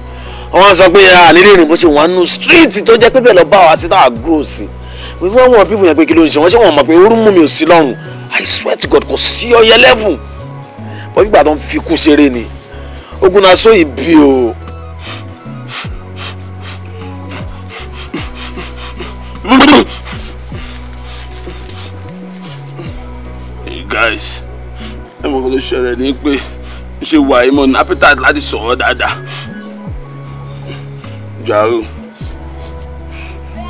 wọ́n sọ pé ah, nílé ìrìn bó ṣe wà nù street tó jẹ́ pé bẹ́ẹ̀ lọ bá wa sí táwa grow sí i wọ́n wọ́n people yẹn pé kí ló ń ṣe wọ́n ṣe wọ́n mọ̀ pé orú mú mi ò sí lọ́rùn i swear to god kò sí ọyẹ level wọ́n gbígbà tó ń fi kú ṣeré ni ogun náà sóyè bí o. Hey guys ẹ mọ̀ kó ló ṣẹlẹ̀ ní pé ṣe wà yìí mọ̀ ní appetite láti sọ̀rọ̀ dáadáa jàrú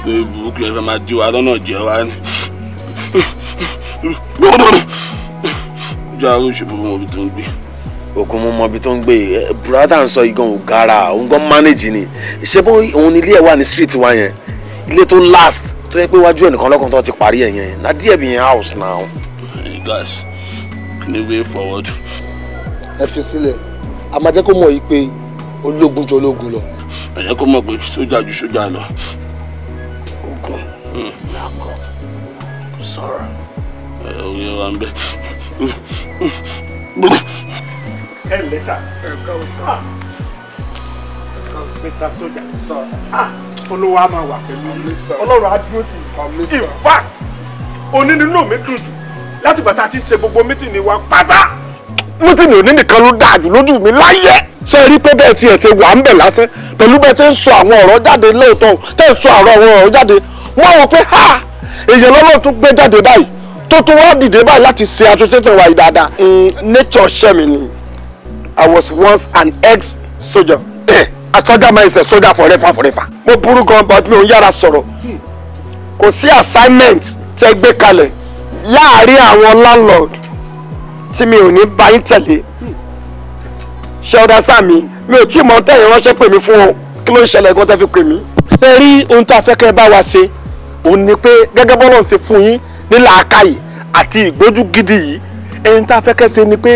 pé burúkú yẹn fẹ́ máa jí wa lọ́nà jẹ́ wa ni jàrú ṣubú mọ̀ ibi tó ń gbé. òkun mo mọ ibi tó ń gbé bùrádà ń sọ igan ògara òun gan manage ni ṣé bó òun ilé ẹ̀ wà ní street wa yẹn ilé tó last tó yẹ pé wájú ẹnìkan lọ́kàn tó ti parí ẹ̀ yẹn na díẹ̀ bí yẹn house now. Hey, guys ní way forward. ẹ fi sílẹ̀ a máa jẹ́ kó mọ̀ yìí pé ológun ju ológun lọ. ẹ jẹ́ kó mọ̀ pé sójà ju sójà lọ. ogun hmm. làkọ̀ kò sọ̀rọ̀. ẹ ò yẹ wa ń bẹ. Hmm. Hmm. ẹ ǹlẹ́ ẹ kọ́ sọ́ọ̀ mr sójà sọ́ọ̀ ah! olówó a máa wà pẹ̀lú ọlọ́run á dúró tì í in fact onínú mi dùn jù láti gbà ti ṣe gbogbo mítìnì wa pátá. mítìnì òní nìkan ló dáa jù lójú mi láyé. ṣé ẹ rí pé bẹ́ẹ̀ tiẹ̀ ṣe wà ń bẹ̀ lásán pẹ̀lú bẹ́ẹ̀ tẹ́ ń sọ àwọn ọ̀rọ̀ jáde lóòótọ́ tẹ́ ń sọ àwọn ọ̀rọ̀ jáde wọ́n wọ pé ha èèyàn lọ́lọ́ tún gbé jáde báyìí tó tún wá dìde báyìí láti ṣe àtúnṣe tẹ̀ wáyé dáadáa. Mm, nature ṣẹ́ mi ni I was once an ex-soldier eh, a soldier man is a soldier for forever. mo burú gan-an but mi ò yára sọ̀rọ̀ hmm. kò sí assignment tẹ́ gbé kalẹ̀ láàárín àwọn landlord tí mi ò ní bá yín tẹ̀lé ṣẹ́ọ́dá sàmì mi ò tí ì mọ tẹ̀yìn ránṣẹ́ pè mí fún wọn kí ló ń ṣẹlẹ̀ gan tẹ́ fi pè mí. ṣe rí ohun tó afẹ́kẹ́ bá wa ṣe òun ni pé gẹ́gẹ́ bọ́lọ̀ ń ṣe fún yín ní làákàyè àti ìgbójú gidi yìí ẹni tá a fẹ́kẹ́ ṣe ni pé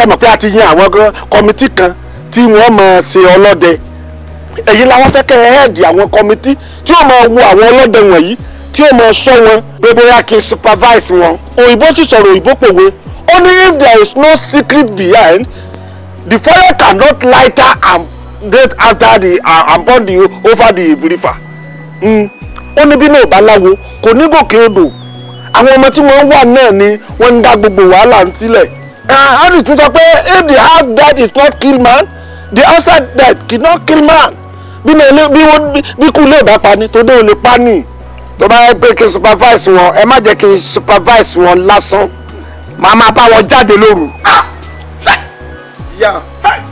ẹ mọ̀ pé a ti yan àwọn kọmitì kan tí wọ́n máa ṣe ọlọ́dẹ èyí làwọn fẹ́kẹ́ hẹ́ẹ̀dì àwọn kọmitì tí wọ́n máa wo àwọn ọlọ́dẹ wọ̀nyí tí ó mọ sọ wọn pé bóyá kí n supervise wọn. òyìnbó ti sọ̀rọ̀ òyìnbó pòwe ó ní if there is no secret behind the fire cannot lighter and get after the uh, and burn the over the river. Hmm. ó ní bí náà bá láwo kò ní gòkè odò àwọn ọmọ tí wọ́n wà náà ni wọ́n ń dá gbogbo wàhálà ń sílẹ̀. Ah, a sì tún sọ pé if the house that is not kill man the outside dead cannot kill man bí kú lè bá pa ni tó dé ò lè pa ni tó bá yẹ pé kí n supervise wọn ẹ má jẹ́ kí n supervise wọn lásán màá máa bá wọn jáde lóru. Ah! ìyá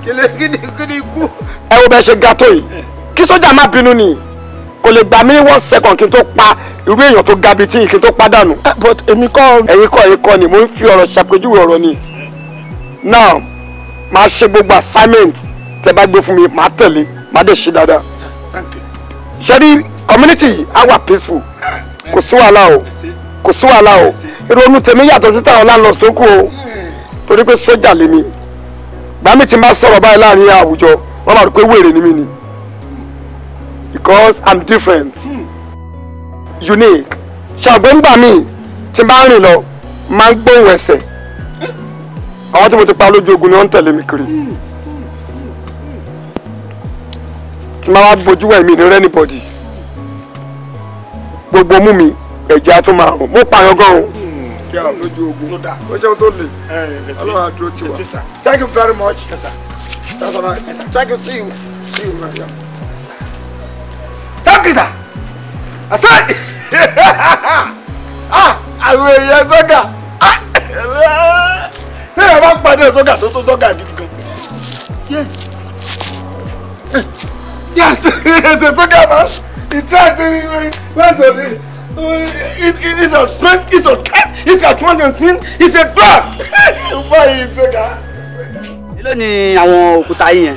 kele gidi gidi kú. ẹ wo bẹ ṣe ga tó yìí kí sójà má bínú ni kò lè gbà mí one second kí n tó pa irú èèyàn tó ga bíi tí kí n tó pa dànù. Ah, but èmi kọ́. ẹ̀yin kọ́ ẹ̀yin kọ́ ni mo ń fi ọ̀rọ̀ ṣàpèjúwe ọ̀rọ̀ ni now màá ṣe gbogbo assignment tẹ bá gbé fún mi màá tẹ̀lé màá dẹ̀ ṣe dáadáa. ṣe rí community á wà peaceful kò sí wàhálà o kò sí wàhálà o ìrònú tèmi yàtọ̀ sí táwọn landlord tó kù o torí pé sójà lèmi gbàmí ti máa sọ̀rọ̀ báyìí láàrin àwùjọ wọ́n máa rò pé wèrè ni mí ni because i'm different unique ṣàgbọ́n gbà mí tí n bá rìn lọ máa ń gbóhùn ẹsẹ̀ àwọn tí mo ti pa lójú ogun ni wọ́n ń tẹ̀lé mi kiri tí n bá wá bojú wẹ̀ mí rẹ́nìbọ̀dì gbogbo mú mi ẹ̀jẹ̀ á tún máa hàn mo pààyàn gan-an. kí a lójú ogun ó jẹun tó le ọlọ́run àdúró ti thank you very much thank you see you see you later. thank you sir asai (laughs) ah àwọn èèyàn sọ́gà ah ní (laughs) bá pàdé sọ́gà tó tó sọ́gà gidi gan. yes yes (laughs) sọ́gà máa. He tried to went to the. It, is a strength, it's a cat, it's a trunk and clean, it's a blood. Why you take her? Èló ni àwọn òkúta yìí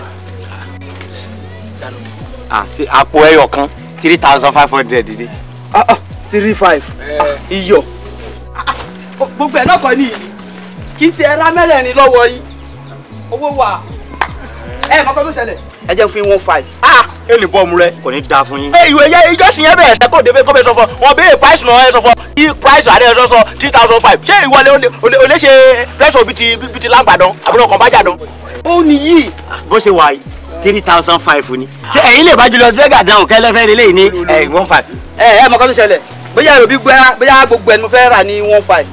Ah, Àpò ẹyọ kan three thousand five hundred dìde. Ah, ah, three five. Eh. Iyọ̀. Ah, gbogbo ẹ̀ náà kọ́ ni kì í ti ẹ rá mẹ́rẹ̀ẹ̀rin lọ́wọ́ yìí. Owó wà. Ẹ eh, mọ́kọ́ tó ṣẹlẹ̀. Ẹ jẹ́ fún one five ẹnì bọ́ọ̀mù rẹ. kò ní da fún yín. ẹ ìwé yẹ ìjọsìn yẹn bẹ̀rẹ̀ sẹ́kọ̀ débẹ̀ kó bẹ sọ fún ọ wọn béèrè price náà ẹ sọ fún ọ price àdé ẹ sọ sọ three thousand five ṣé ìwọlé oléṣe fẹsọ̀ bíi ti bíi ti lágbàdàn àbúrò kan bá jàdán. ó nìyí. bó ṣe wà yìí three thousand five ni. ṣé ẹ̀yin lè bá Julius Berger dán òkè lẹ́fẹ̀ẹ́ lélẹ́yìn ní one five. ẹ ẹ mọ̀ kọ́ tó ṣẹlẹ̀ bóyá èrò bí gbẹ́ bóyá gbogbo ẹnu fẹ́ rà ní one five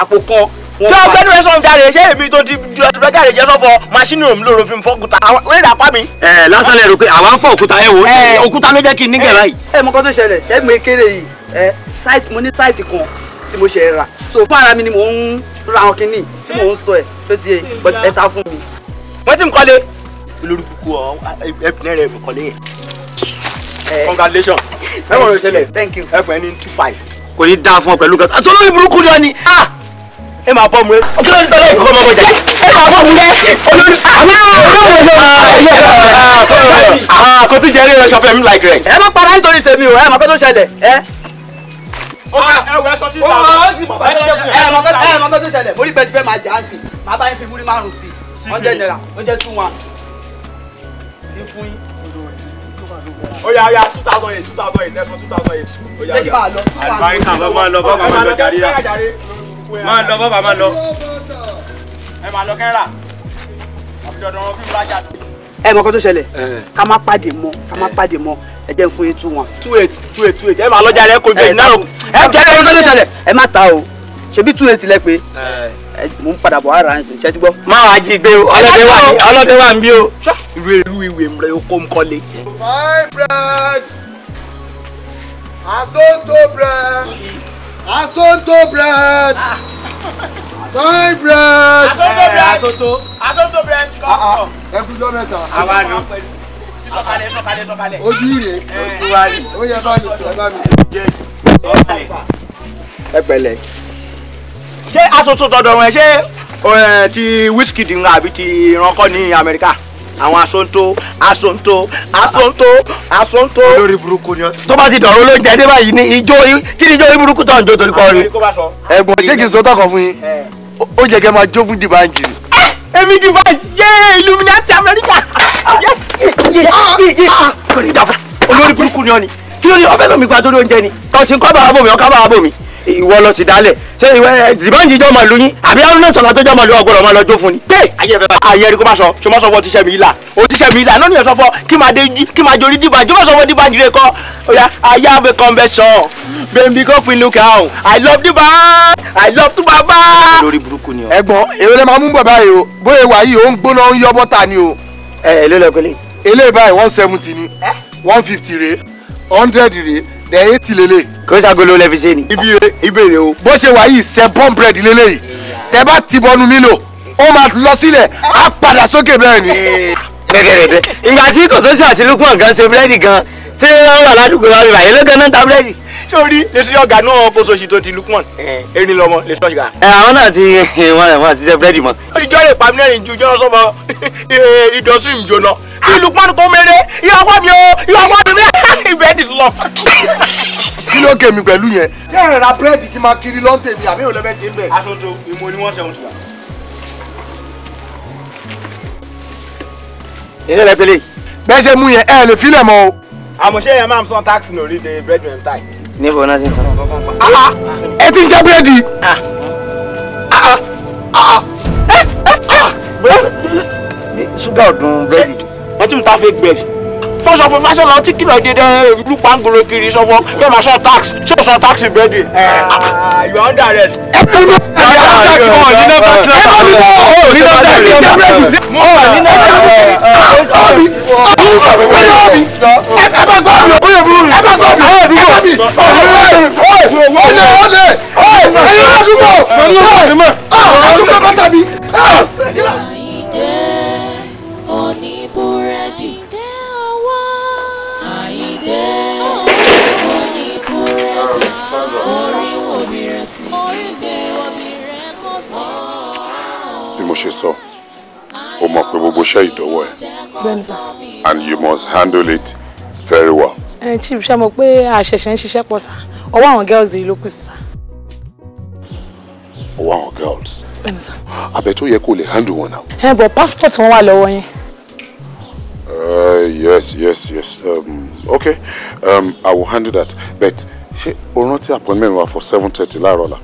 àpò kan tí wọ́n gbẹ́nu ẹ̀sán jáde ṣé èmi tó ti ju ẹ̀sán jáde jẹ́ sọ́fọ̀ maṣínì òun lòrò fi fọ́kúta wọ́n ìdá pa mi. ẹ lásán lè rò pé àwa ń fọ òkúta ẹ wo òkúta ló jẹ́ kí n nígẹ̀ báyìí. ẹ mọ kó tó ṣẹlẹ̀ ṣẹ́gun ekere yìí ẹ sáìtì mo ní sáìtì kan tí mo ṣe rà so fún ara mi ni mò ń ra àwọn kinní tí mò ń sọ ẹ tó ti yẹ but ẹ ta fún mi. wọ́n ti ń kọ́lé. olórúkú ọ ẹbìnrin rẹ mi kọ́lé yẹn. congratulations ẹ wọ̀n ló ṣẹlẹ̀ ẹ fún ẹ ní two five. kò ní dáa fún ọ pẹ̀lú kan àti olóyìn burúkú ni ọ ni. ah ẹ máa bọ́ mu ẹ. kí ló ń tọ́lá ìkókó máa bọ̀ jà. ẹ máa bọ́ mu dẹ́ olórí àwọn olórí. kò tí jẹ́ eré ìrẹsọ̀ fẹ́ mi láì rẹ̀. ẹ má para nítorí tèmi o ẹ mọ̀ kó tó ṣẹlẹ̀ ẹ. ẹ mọ̀ kó tó ṣẹlẹ̀ mórí bẹ́ẹ̀ ti fẹ́ máa jà á sí máa bá yín fi múrí márùn-ún sí i hundred naira ó jẹ́ two one. ìfún yín oya oya two thousand eight two thousand eight ẹ̀sán two thousand eight. jẹ́ kí n bá a lọ. àlùbáríkà bá máa lọ bá máa lọ jàre rà máa lọ bàbá máa lọ. ẹ máa lọ kẹ́rà àfi dandan wọn fíìmù eh. ẹ mọ kó tó ṣẹlẹ̀ ká má pàdé mọ́ ká má pàdé mọ́ ẹ jẹ́ fún yín two one. two eight two eight two eight ẹ máa lọ́jà rẹ kó ibẹ̀ ní àrùn. ẹ jẹ́ ẹ kó tó ṣẹlẹ̀ ẹ má ta o ṣebí two eight lẹ pé mo ń padà bọ̀ ara ń sìn ṣẹ́ ti gbọ́. má wàá jí gbé o ọlọ́dẹ wà ní ọlọ́dẹ wà ń bí o. ìlú ìlú ìwé mìíràn yóò kó nǹkan lé. my bread asoto bread asonto bread ah. soy bread asonto bread eh, asonto asonto bread ah, ah. kọ́kọ́ ẹkùjọ mẹ́ta àwa nù sọ̀kalẹ̀ sọ̀kalẹ̀ sọ̀kalẹ̀ ojú rè é eh. ó yẹ bá mi sọ ẹ bá mi sọ ẹ pẹ̀lẹ́. ṣé asonto tọ̀dọ̀ wọn ṣé eh, ti wíṣkì dìgbà àbí ti ìrànkọ́ ní Amẹ́ríkà àwọn asonto asonto asonto asonto. olórí burúkú ni ọ. tó bá ti dọ̀rọ̀ olóúnjẹ dé báyìí ní ijó kí ni ijó orí burúkú tó ń jó torí kọ́ rí. ẹ̀gbọ́n ṣé kì í sọ tọkàn fún yín ó jẹ́ kẹ́ máa jó fún dìbànjì. èmi dìbànjì yé illuminati America. kò ní dáfọ́ olórí burúkú ni ọ ni kí ló ní ọ̀fẹ́ lómi gba torí oúnjẹ ni. tọ̀sìn kọ́ bàbá bò mí ọ ìwọ lọ sí dálẹ̀ ṣé ìwẹ zibanji jọ màlúù yín àbí arúnà sọ̀nà tó jọ màlúù ọgbọ́dọ̀ máa lọ jó fún ni. pé ayé ẹ̀fẹ̀ bá ayé ẹ̀rí kó sọ ṣe má sọ fún ọtíṣẹ́ mi yìí là mi yìí là lónìí ẹ̀sọ́ fọ kí máa dé kí máa jorí dìbàjì má sọ fún dìbàjì rẹ kọ́ oya ayé àwẹ̀ convention bẹ́ẹ̀ni kò fi look out i love dìbà i love tuba bá. lórí burúkú ni o. ẹ̀gbọ́n èwe lè máa mú bàbá yìí o bóyá wà yìí ó ń gbóná ń yọ bọ́tà ni o. ẹ eh, ẹ ló lọ pélé. eléyìí báyìí one seventy ni eh? one fifty rèé hundred rèé ẹ̀yìn ti lélẹ̀. kò ságolo lẹ fi ṣe ni. ibi rẹ ìbéèrè o. bó ṣe wà yìí seven bread lele. yìí tẹ bá ti bọnu nílò ó máa lọ sílẹ̀ á padà sókè bẹ́ẹ̀ ni. bẹ́ẹ̀bẹ́ẹ̀bẹ́ ìgbà tí kòsósì àti lukman gan ṣe búrẹ́dì gan tí wọ́n wà ládùúgbò wa bíbá yẹn ló náà ta búrẹ́dì sórí lè sórí ọ̀gá náà kó sóṣì tó ti Lukman erin eh. lọmọ lè sórí ọ̀gá. ẹ eh, àwọn náà ti eh, wọn àwọn àti ṣe búrẹ́dì mọ. ìjọ lè pa mẹ́rin ju ìjọ sọ́mọ ìdọ̀sùn ìjọna kí Lukman kó mẹ́rẹ́ ìyàwó mi o ìyàwó mi rẹ̀ (laughs) ìbẹ́ẹ̀dì lọ. kí ló kèmí pẹ̀lú yẹn. ṣé ẹ̀rẹ̀ ra búrẹ́dì kí máa kiri lọ́ntẹ̀ mi àbí òun lẹ́fẹ̀ẹ́ ṣe ń bẹ̀. aṣọ tó ìmọ̀ ni wọ́n ṣe òun ti wà. ṣe é lẹ́pẹ̀lẹ́ bẹ́ẹ̀ ṣe mú yẹn ẹ lè filẹ̀ mọ́ o. àmọ́ ṣé yẹn máa ń san táàsì lórí The bread and tie níbo náà ti ń sọ. Ah, ah. ẹ ti ń jẹ búrẹ́dì. Ah. Eh, eh, ṣúgà ọ̀dùn búrẹ́dì. wọ́n tún ta fake bread tó sọ fún fásọlá tí kìlọ̀ dédé ìlú pangoro kiri sọ fún kí ọmọ sọ tax ṣé o sọ tax bẹ́ẹ̀dì. you are under arrest. ẹ bí mo ní nọ́mbà tí wọn ní nọ́mbà tí wọn ní nọ́mbà tí wọn ní nọ́mbà tí wọn ní nọ́mbà tí wọn ní nọ́mbà tí wọn ẹ bá gbọ́ mi ẹ bá gbọ́ mi ẹ bá mi ọ̀lẹ́ ọ̀lẹ́ ẹ̀yin àdúgbò ọ̀lẹ́ àdúgbò bàtà mi. ṣe sọ o mọ̀ pé gbogbo iṣẹ́ ìdọ́wọ́ ẹ̀. benza. and you must handle it very well. ẹ chief ṣe mọ̀ pé àṣẹ̀ṣẹ̀ ń ṣiṣẹ́ pọ̀ sá ọwọ́ àwọn girls yìí ló kù sí sá. ọwọ́ àwọn girls. benza. abẹ tó yẹ kó lè handle wọn náà. ẹ bọ passport wọn wà lọ́wọ́ yẹn. Uh, yes yes yes um, okay um, i will handle that but ṣé o rántí appointment wa for seven thirty láàárọ̀ la.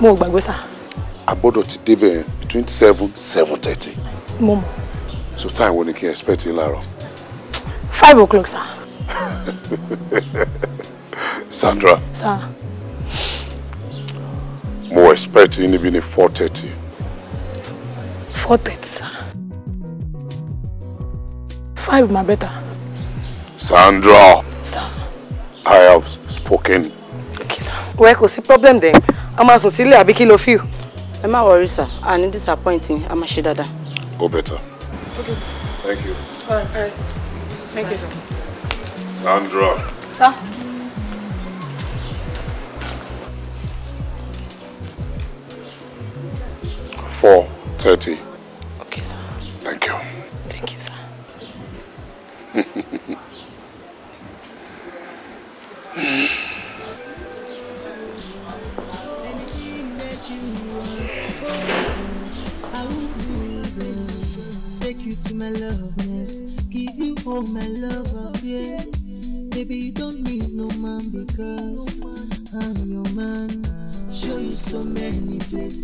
mo gbàgbé sá a gbọ́dọ̀ ti débẹ̀ between seven seven thirty. mo mọ̀. so time wo ni kí n expect yín láàárọ̀. five o'clock sir. (laughs) Sandra. sir. mo expect yín níbí ní four thirty. four thirty sir. five ma better. Sandra. Sir. I have spoken. Okay, sir. Well, kò sí problem then. A máa sùn sílẹ̀ àbí kí lo feel? ẹ má wọrí sà And ní disappointing a am a dáadáa. ó better. okay thank you. all right sir. thank you sir. Sandra. sir. four thirty. okay sir. thank you. thank you sir. (laughs)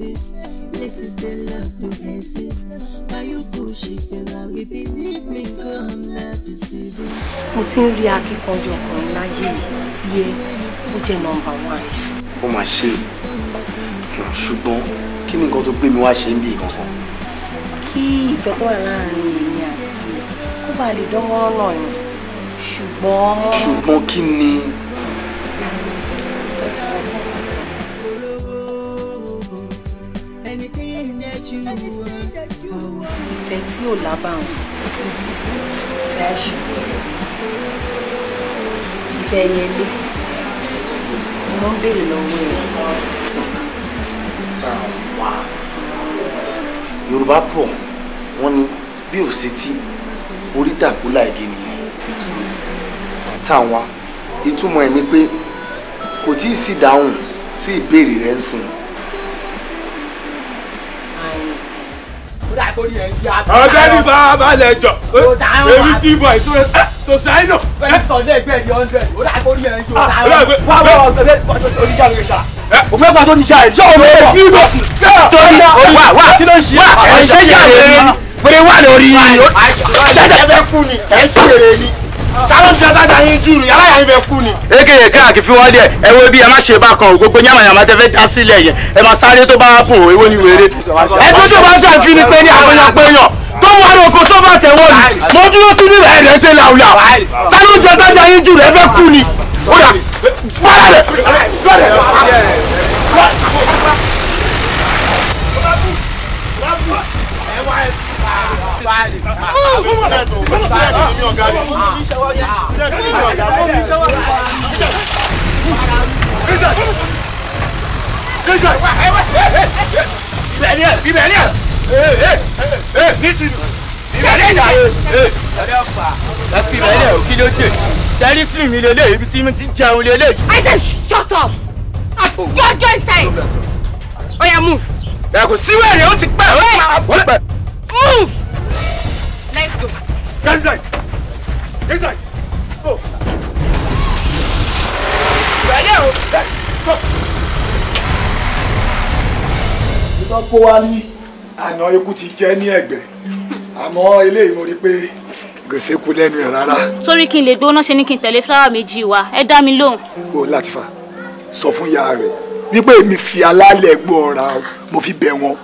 exist. This is the love to resist. Why you push it out? You believe me, girl, I'm not deceiving. Mo ti ń rí akíkanjú ọkùnrin láyé tí ẹ ó jẹ́ nọ́mbà one. Ó máa ṣe ṣùgbọ́n kí ni nǹkan tó gbé mi wá ṣe ń bí kankan? Kí ìfẹ́ tó wà láàárín èmi àti ẹ̀ kó bá lè dánwọ́rọ́ náà ni ṣùgbọ́n. Ṣùgbọ́n kí ni? yóò lábàwọ́n ẹ ṣùtì ìfẹ́ yẹn lé wọ́n béèrè lọ́wọ́ ẹ̀. tàn wá yorùbá pọ̀ wọ́n ní bí ò sí tí orí dàkú láìgé nìyẹn tàn wá ìtumọ̀ ẹ̀ ni pé kò tí ì sì dáhùn sí ìbéèrè rẹ̀ ń sìn ọ̀dọ́ ní bá balẹ̀ jọ èmi tí bọ̀ ètò tó sáyé nù. bẹ́ẹ̀ni sọdẹ ẹgbẹ́ ni hundred o dà kó ní ẹ jọ láàárọ̀ wà wà ọ̀dọ́ oníjà lóye sá. o fẹ́ gba tó níjà ẹ̀ jọ́ o lọ́wọ́ torí wà wà kí ló ń ṣe ẹ̀ ṣe jà lórí pé wà lórí ẹ̀ ṣe jà lórí ẹ̀ ṣe jà lórí ẹ̀ ṣe jà lórí ẹ̀ ṣe jà lórí ẹ̀ ṣe jà lórí ẹ̀ ṣe jà lórí ẹ̀ ṣe jà kálọ̀ jẹ́ tájà yín jù ní aláya yín bẹ kú ni. èkéyè kíláàkì fi wọ́n dẹ̀ ẹ wo bí ẹ má ṣe bá kan gbogbo yàmà yàmà tẹ fẹ́ dá sílẹ̀ yẹn ẹ má sáré tó bá bùn ó ewé ni wéré. ẹ tó tó bá ṣàfihàn ni pé ní àgbẹ̀yàn péyàn tó wà ní oko sọ́fà tẹ̀wọ́ ni mo dúró sí nílẹ̀ ẹ̀ lẹ́sẹ̀ làwùlà kálọ̀ jẹ́ tájà yín jù rẹ̀ fẹ́ kú ni. ó dà bọ́lá rẹ̀ bọ́lá rẹ̀. báyìí. sáyẹ̀dì ni mi ọ̀gá rẹ̀. bíbẹ̀ ni ẹ̀ bíbẹ̀ ni ẹ̀ nísìnyí I said shut up and go inside oya move. ẹ kò see where you pẹ́ ó ti move. Let's go. Get inside. Get inside. Go. Bẹ̀rẹ̀ o. Go. Ìtọ́ kó wá ní àná ikú ti jẹ́ ní ẹ̀gbẹ́. Àmọ́ eléyìí mo rí pé gbèsè kú lẹ́nu ẹ̀ rárá. Sórí kí n lè gbóná ṣe ni kí n tẹ̀lé fúláwà méjì wa. Ẹ dá mi lóhùn. O láti fà sọ fún ìyá rẹ̀ wípé èmi fi alálẹ̀ gbọ́ ọ̀ra mo fi bẹ̀ wọ́n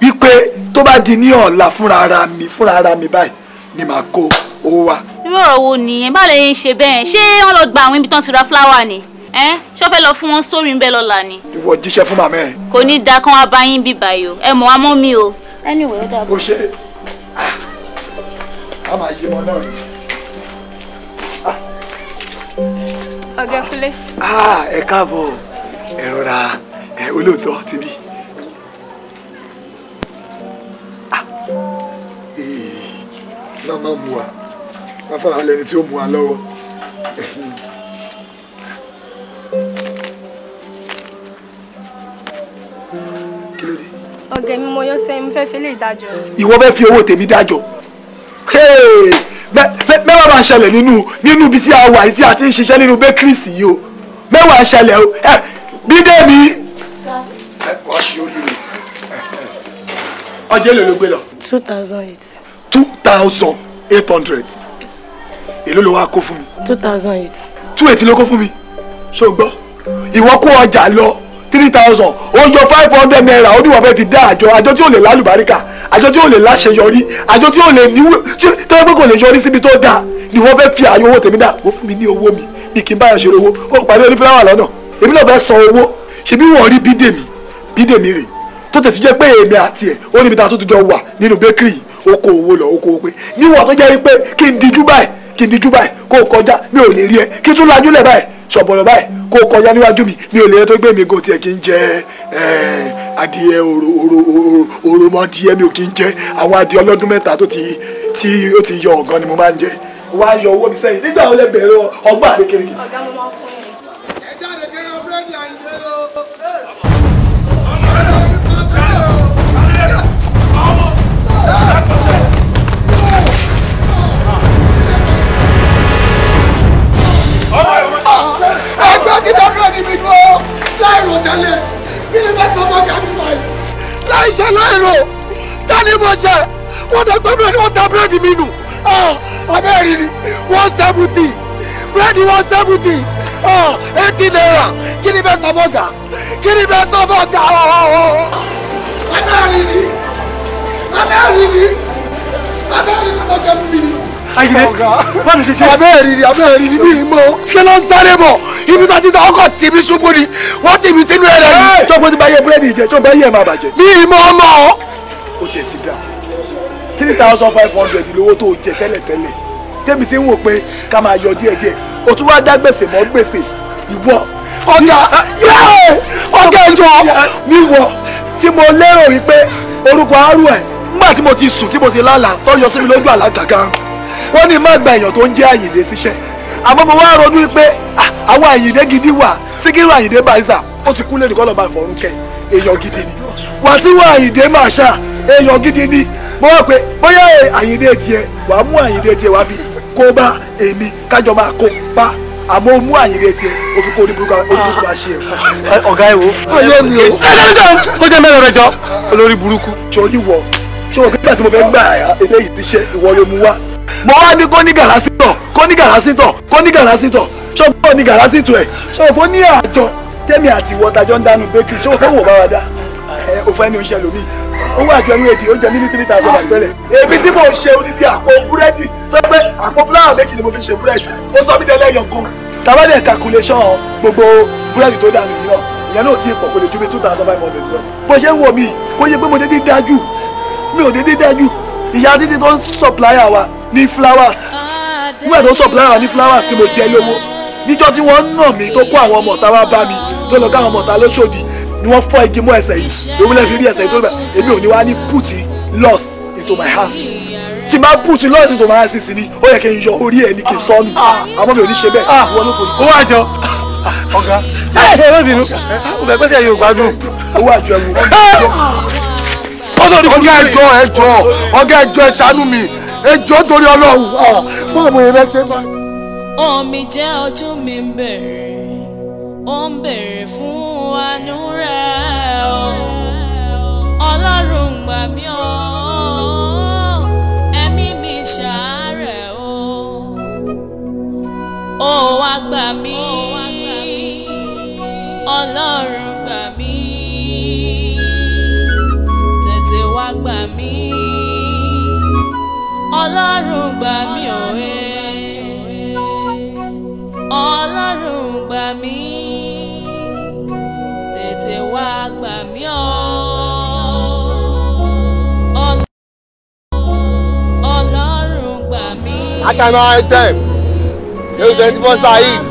wípé tó bá di ní ọ̀la fúnra ara mi fúnra ara mi báyìí ni màá kó owó wa. irú ọ̀rọ̀ wo nìyẹn báwo lè ṣe bẹ́ẹ̀ ṣé wọ́n lọ gba àwọn ibi tán ti ra fúláwà ni ṣọ́ fẹ́ lọ fún wọn sórí ń bẹ́ lọ́la ni. ìwọ jíṣẹ́ fún màmá ẹ. kò ní da kán wá bá yín bí báyìí ẹ mọ̀ wá mọ́ mi o. anyway ó dàbọ̀. o ṣe ah, a máa yí ọmọ náà yìí. Ah. ọ̀gá kúlẹ̀. Ah, ẹ káàbọ̀ ẹ rọra olóòótọ́ ti bí. náà má bu wa má fara lẹni tí ó bu wa lọ́wọ́. ọ̀gẹ̀ mi mo yọ sẹ́yìn mo fẹ́ fi lè dájọ́. ìwọ bẹ́ẹ̀ fi me, tèmi dájọ́ mẹ́wàá máa ṣẹlẹ̀ nínú nínú ibi tí a wà tí a ti ń ṣiṣẹ́ nínú bakeries yìí o mẹ́wàá ṣẹlẹ̀ o bídé mi. ọ̀ṣun olùrè ọjọ́ èlò ló gbé lọ. two thousand eight two thousand eight hundred èló ló wá kó fún mi. two thousand eight. two eight ló kó fún mi ṣó gbọ́ ìwọ kó ọjà lọ three thousand ó yọ five hundred naira ó ní wọ́n fẹ́ fi dá àjọ àjọ tí ò lè lálùbáríkà àjọ tí ò lè láṣeyọrí àjọ tí ò lè níwò tí tó yẹ pé kò lè yọrí síbi tó dáa ni wọ́n fẹ́ fi ààyè owó tèmi dá wọ́n fún mi ní owó mi bí kí n bá yàn ṣe owó ó pàdé onífúláwà lọ́nà èmi náà fẹ́ san owó ṣèbí wọ́n rí bídèmí bídèmí rè tó tẹ̀ tún jẹ́ pé èmi àti ẹ̀ ó níbi tá a tó tún jọ wà nínú bẹ́kìrì yìí ó kó owó lọ ó kó owó pé níwọ̀n tó jẹ́ wípé kí n dijú báyìí kí n dijú báyìí kó o kọjá mi ò lè rí ẹ kí n tún lajú lẹ̀ báyìí sọ̀bọ̀lọ̀ báyìí kó o kọjá níwájú mi mi ò lè rí tó gbé mi gan tiẹ̀ kí n jẹ adìẹ òrò òrò òrò mọ́ adìẹ mi ò kí n jẹ àwọn adìẹ ọlọ́dún mẹ́ta tó ti tí ó ti yọ ọ̀gán ni mo máa ń jẹ wá yọ owó mi sẹ́yìn nígbà wo lẹ bẹ̀rẹ̀ ọgbà àdékèrèkè. ọ̀gá mo máa ń fọ láìrò tẹ́lẹ̀ kí ni bẹ́ẹ̀ sọ́mọ́ kí á fi wáyé. láìṣe láìrò dání mo ṣe wọ́n tẹ gbé búrẹ́dì wọ́n ta búrẹ́dì mi nù ah, abẹ́rẹ́ ni one seventy búrẹ́dì one seventy ah, eighty naira kí ni bẹ́ẹ̀ sọ́mọ́ gà kí ni bẹ́ẹ̀ sọ́mọ́ gà. abẹ́rẹ́ ni abẹ́rẹ́ ni abẹ́rẹ́ ni mo ṣe mú mi ayé báwo ṣe ṣe. abẹ́rẹ́ rí abẹ́rẹ́ rí ibi ìmọ̀ ṣé ló ń sáré bọ̀ ibi tó ti sọ ọkọ̀ tì mí ṣubú ni wọ́n tì mí sínú ẹ̀rẹ́ ni. ṣọ́gbọ́n ti bá yẹ búrẹ́dì jẹ ṣọ́gbọ́n yẹ máa bàjẹ́. mi ìmọ̀ ọmọ. o tiẹ̀ ti da three thousand five hundred lówó tó jẹ tẹ́lẹ̀tẹ́lẹ̀ tẹ́mi ti ń wò pé ká máa yọ díẹ̀díẹ̀ o tún wá dá gbèsè mọ́ gbèsè ìwọ ọ̀gá ọ̀gá ìjọ níwọ tí mo lérò wípé orúkọ arú ẹ̀ nígbà tí mo ti sùn tí mo ti lálàá tó yọ sí mi lójú àlá gàgà wọ́n ní má gba èèyàn tó ń jẹ́ àyìndé síṣẹ́ àmọ́ mo wá ronú pé àwọn àyìndé gidi wà síkírù àyìndé barrister ó ti kú lẹ́nu kọ́ lọ́ba ìfọ̀rún kẹ èèyàn gidi ni wàsíù àyìndé màṣá èèyàn gidi ni mo wá pé bóyá àyìndé tiẹ̀ wàá mú àyìndé tiẹ̀ wá fi kó bá èmi kájọ máa kó bá àmọ́ mú àyèrè tiẹ̀ o fi kó oníburúkú oníburúkú bá ṣe ẹ̀. Ah, ọ̀gá ẹ̀ wo. ayé mi o. kó jẹ́ mẹ́rin rẹ jọ olórí burúkú. ṣé o ní wọ ṣé o kí nígbà tí mo fẹ́ gbà èdè yìí ti ṣe ìwọ yóò mú wá mo wá ní kó ní gàràsítọ̀ kó ní gàràsítọ̀ kó ní gàràsítọ̀ ṣọ́gbọ́n ní gàràsítọ̀ ẹ̀ ṣọ́gbọ́n ní àjọ tẹ́mi àti ìwọ́tajọ́ ń dánú bakery ṣọ́gbọ́n wò bá wa dá òfin ni oṣù ẹlòmíì owó àti ẹnu ètì ó jẹ mílí three thousand naira èmi tí mo ṣe odidi àpò búrẹ́dì tó pé àpò fúláwà méjì ni mo fi ṣe búrẹ́dì ó sọ mí délé yọkan. tabadẹ calculation gbogbo búrẹ́dì tó dànù yìí náà ìyẹn náà ti pọ̀ two thousand five hundred lọ. bó ṣe ń wọ̀ mí kó yẹ mo dédé dájú ìyá títí tó ń sọ̀pláyà wa ní flowers nígbà tó ń sọ̀pláyà wa ní flowers tí mo jẹ lówó níjọ́ tí wọ́n nà mí tó kó àwọn ọmọ ọ̀tá wá bá mi tó lọ káwọn ọmọ ọ̀tá lóṣòdì ni wọ́n fọ́ igi mọ́ ẹsẹ̀ yìí lórí lẹ́fi rí ẹsẹ̀ yìí tó lọ èmi ò ní wá ní put loss into my house? hands tí máa put loss into my hands ni ó yẹ kí n yọ orí ẹ ní kí n sọnù ah, àmọ́ mi ò ní ṣe bẹ́ẹ̀ ah, wọ́n ló forí. Ah, eh, owó àjọ ọ̀gá ẹ̀ ẹ̀ lóbìnrin ọ̀gá ìgbésẹ̀ yóò gbádùn owó àjọ ẹ̀wò ọ̀gá ọgá ẹjọ ẹjọ ọgá ẹjọ ẹ ṣàánú mi ẹjọ torí Ọlọ́run máa mú ẹrẹ ṣe omi jẹ́ ojú mi ń bèrè ó ń bèrè fún àánú rẹ̀ o gbà mí o ẹ̀mí mi ṣàárẹ̀ o ó wá gbà mí. gbà mí òwe ọlọ́run gbà mí tètè wá gbà mí òwe. national anthem lórí twenty four saheed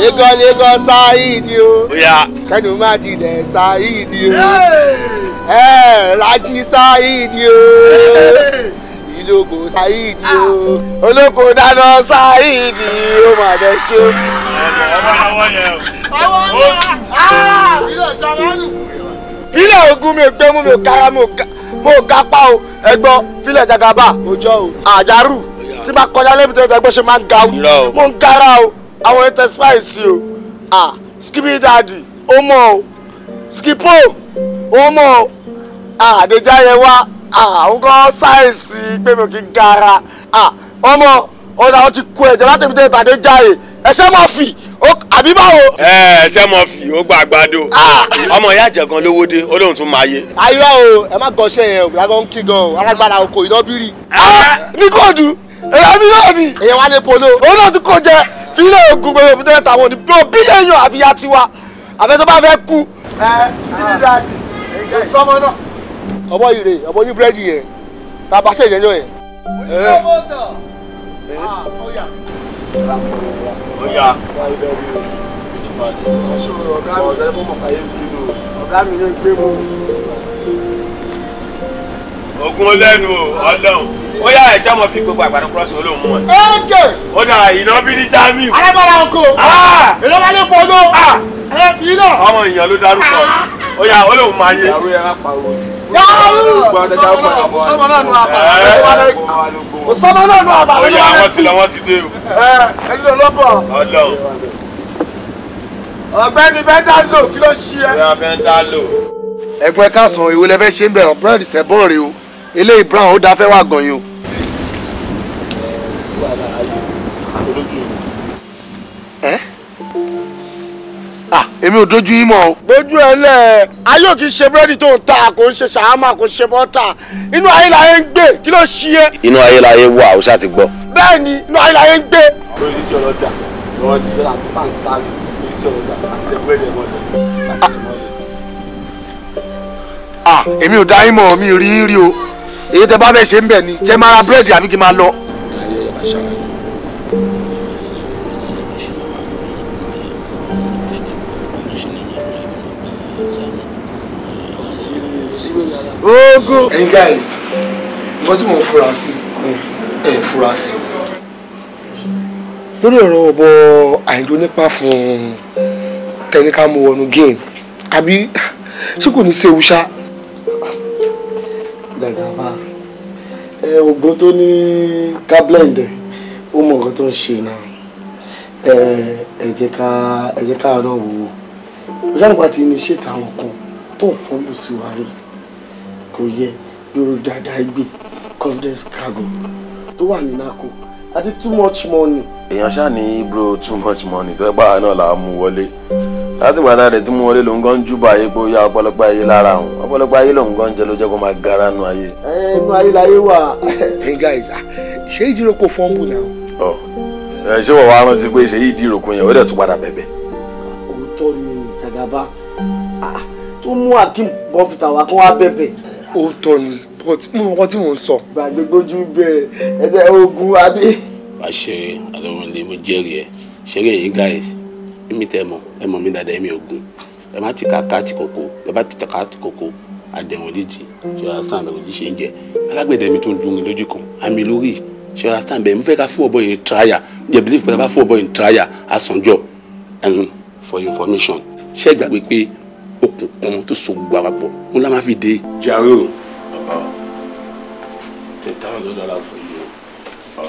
lagos lagos saheed o kẹnu má dilẹ̀ saheed o ẹ Rájí saheed o ìlógo ṣáìdì o ah. olóko dáná ṣáìdì o mà bẹ ṣe. ọmọ lọ́wọ́ yẹn o. ọwọ́ náà ìlọ ṣàmánù. fílẹ̀ ogun mi gbé mú mi kára mo kápá o ẹgbọ́ fílẹ̀ jagaba òjò o àjàrú tí bá kọjá lẹ́bi tó ẹgbẹ́ ṣe máa ń ga o mo ń gara o àwọn ètò spice o ah skipi daddy ó mọ̀ o skipo ó mọ̀ o àdéjáyẹ wá. Ah, àwọn kan sáyẹ̀nsì pé mi ò kí gara ah, ọmọ ọ̀dà wọn ti kó ẹ̀jẹ̀ láti ibi tẹ̀ tàdé jáde ẹ̀ṣẹ́ máa fì àbí báwo. ẹ ẹ̀ṣẹ́ máa fì ó gba àgbàdo ah! ọmọ ìyá àjẹgàn lówó dé tún máa yé. ayé o ẹ má gọṣẹ yẹn òbí lágbọn kí gan o alágbára oko ìdọ́bírì. ní kóòdù èèyàn mi náà ni. èèyàn wa lè polo. òun náà tún kó jẹ fílẹ̀ ogun gbogbo òfin tẹ́lẹ̀ tàwọn òní bílíọ̀nù àfiyà tiwa àfẹ́ tó bá fẹ́ kú. ẹ sílẹ̀ dáàdì sọmọ ọmọ ire ọmọ ní búrẹ́dì yẹn tá a bá ṣe ìyẹn yọ yẹn. oníkọ́ mọ́tò ọ̀yà. ọ̀yà ọ̀gá mi ló gbé mu. ogun lẹ́nu ọlọ́run ó yà ẹ̀ṣẹ́ ọmọ fi gbogbo àgbàdo kúrọ́sì olóhùn mọ́ ẹ. ókè. ó dà iná bí ní jamiu. alábàárà oko. Ah! èló máa lè pọ̀ ló. Ah! Eh, iná. ọmọ ìyàn ló dárúkọ ah! ó yà olóhùn máa yé. ìyàwó yẹn á pa owó ọsọmọ náà nù àbà ọsọmọ náà nù àbà ọyọ àwọn ti làwọn ti dé o. ẹ ẹ ló lọ́bọ̀. ọ̀gbẹ́ni bẹ́ńdálò kí ló ṣí ẹ. bẹ́ńdálò. ẹgbẹ́ kásán ìwé lẹ́fẹ́ ṣe ń bẹ̀rẹ̀ ọ̀pẹ́rẹ́ ìṣẹ́bọ̀n rè o eléyìí brown ó dáa fẹ́ wà gan-an yìí o. ẹ ah èmi ò dojú yín mọ́ o. dojú ẹ lẹ ayọ̀ kì í ṣe búrẹ́dì tó ń ta kò ń ṣe ṣàhámà kò ń ṣe bọ́tà inú ayé la yẹn ń gbé kí ló ṣí yẹ. inú ayé wà ó ṣáà ti gbọ́. bẹ́ẹ̀ ni inú ayé ń gbé. ah èmi ò dá yín mọ̀ mi rí rí o èyí tẹ bá fẹ́ ṣe ń bẹ̀ ni jẹ́ máa ra búrẹ́dì àbí kí n máa lọ. ogun. ẹ̀yin guys nǹkan tí mò ń fura sí hmm. ẹ fura sí. lórí ọ̀rọ̀ ọ̀bọ àìjọ nípa fún tẹnika mo wọnú game àbí ṣé kò ní í ṣe ewu ṣá. dàgbà ẹ ogun tó ní kábílẹ̀ǹd ó mọ nǹkan tó ń ṣe náà ẹ jẹ́ ká ẹ jẹ́ ká náà wò ó ìyá ti ní ṣètò àwọn kan tó ń fọ́nbù sí wa rí i kò yẹ lórí dáadáa igbe confidence cargo tó wà ní nako àti too much money. èèyàn ṣáà ní bro too much money tó ẹ bá náà là á mú wọlé láti gbàdá rẹ tí mú wọlé ló ń gán júbà ayé pé ó yá ayé lára àwọn ọ̀pọ̀lọpọ̀ ayé ló ń gán jẹ ló jẹ kó máa gara nu ayé. ẹnu ayé láyé wà. (laughs) hey guys ah, ṣé ìdíròkò fọ́ọ̀mù náà. ọ ẹ ṣé wọ́n wá rántí pé ṣe yìí ìdíròkò yẹn ó dẹ̀ tún padà bẹ̀bẹ̀. òótọ́ ni jagaba ah, tó mú akim bọ́fìtà wá kó wá bẹ̀bẹ̀ òótọ́ ni but mo mọ̀ tí mò ń sọ. gbàgbé gbójú bẹ́ẹ̀ ẹ̀jẹ̀ ogun abí. wà á ṣe àlọ́run lè mo jẹ́rìí ẹ̀ ṣeré yìí guys èmi tẹ́ mọ̀ ẹ mọ̀ mi dáadáa èmi ògùn ẹ má ti kàkà ti kòkó ẹ bá ti kàkà ti kòkó àdẹ̀wọ̀n lìjì ṣọlá sàn bẹ̀rù ti ṣe ń jẹ alágbẹ̀dẹ mi tó ń dun lójú kan àmì lórí ṣọlá sàn bẹ̀rù mo fẹ́ ká fún ọ̀bọ yìí tíráyà ǹjẹ́ believe pé ká fún ọ̀bọ yìí tíráyà àsànjọ and for information ṣé gbàgbé pé okùn kan tó so gbogbo àpapọ̀ mo lá máa fi dé. jaro bàbá ten thousand dollar for you. o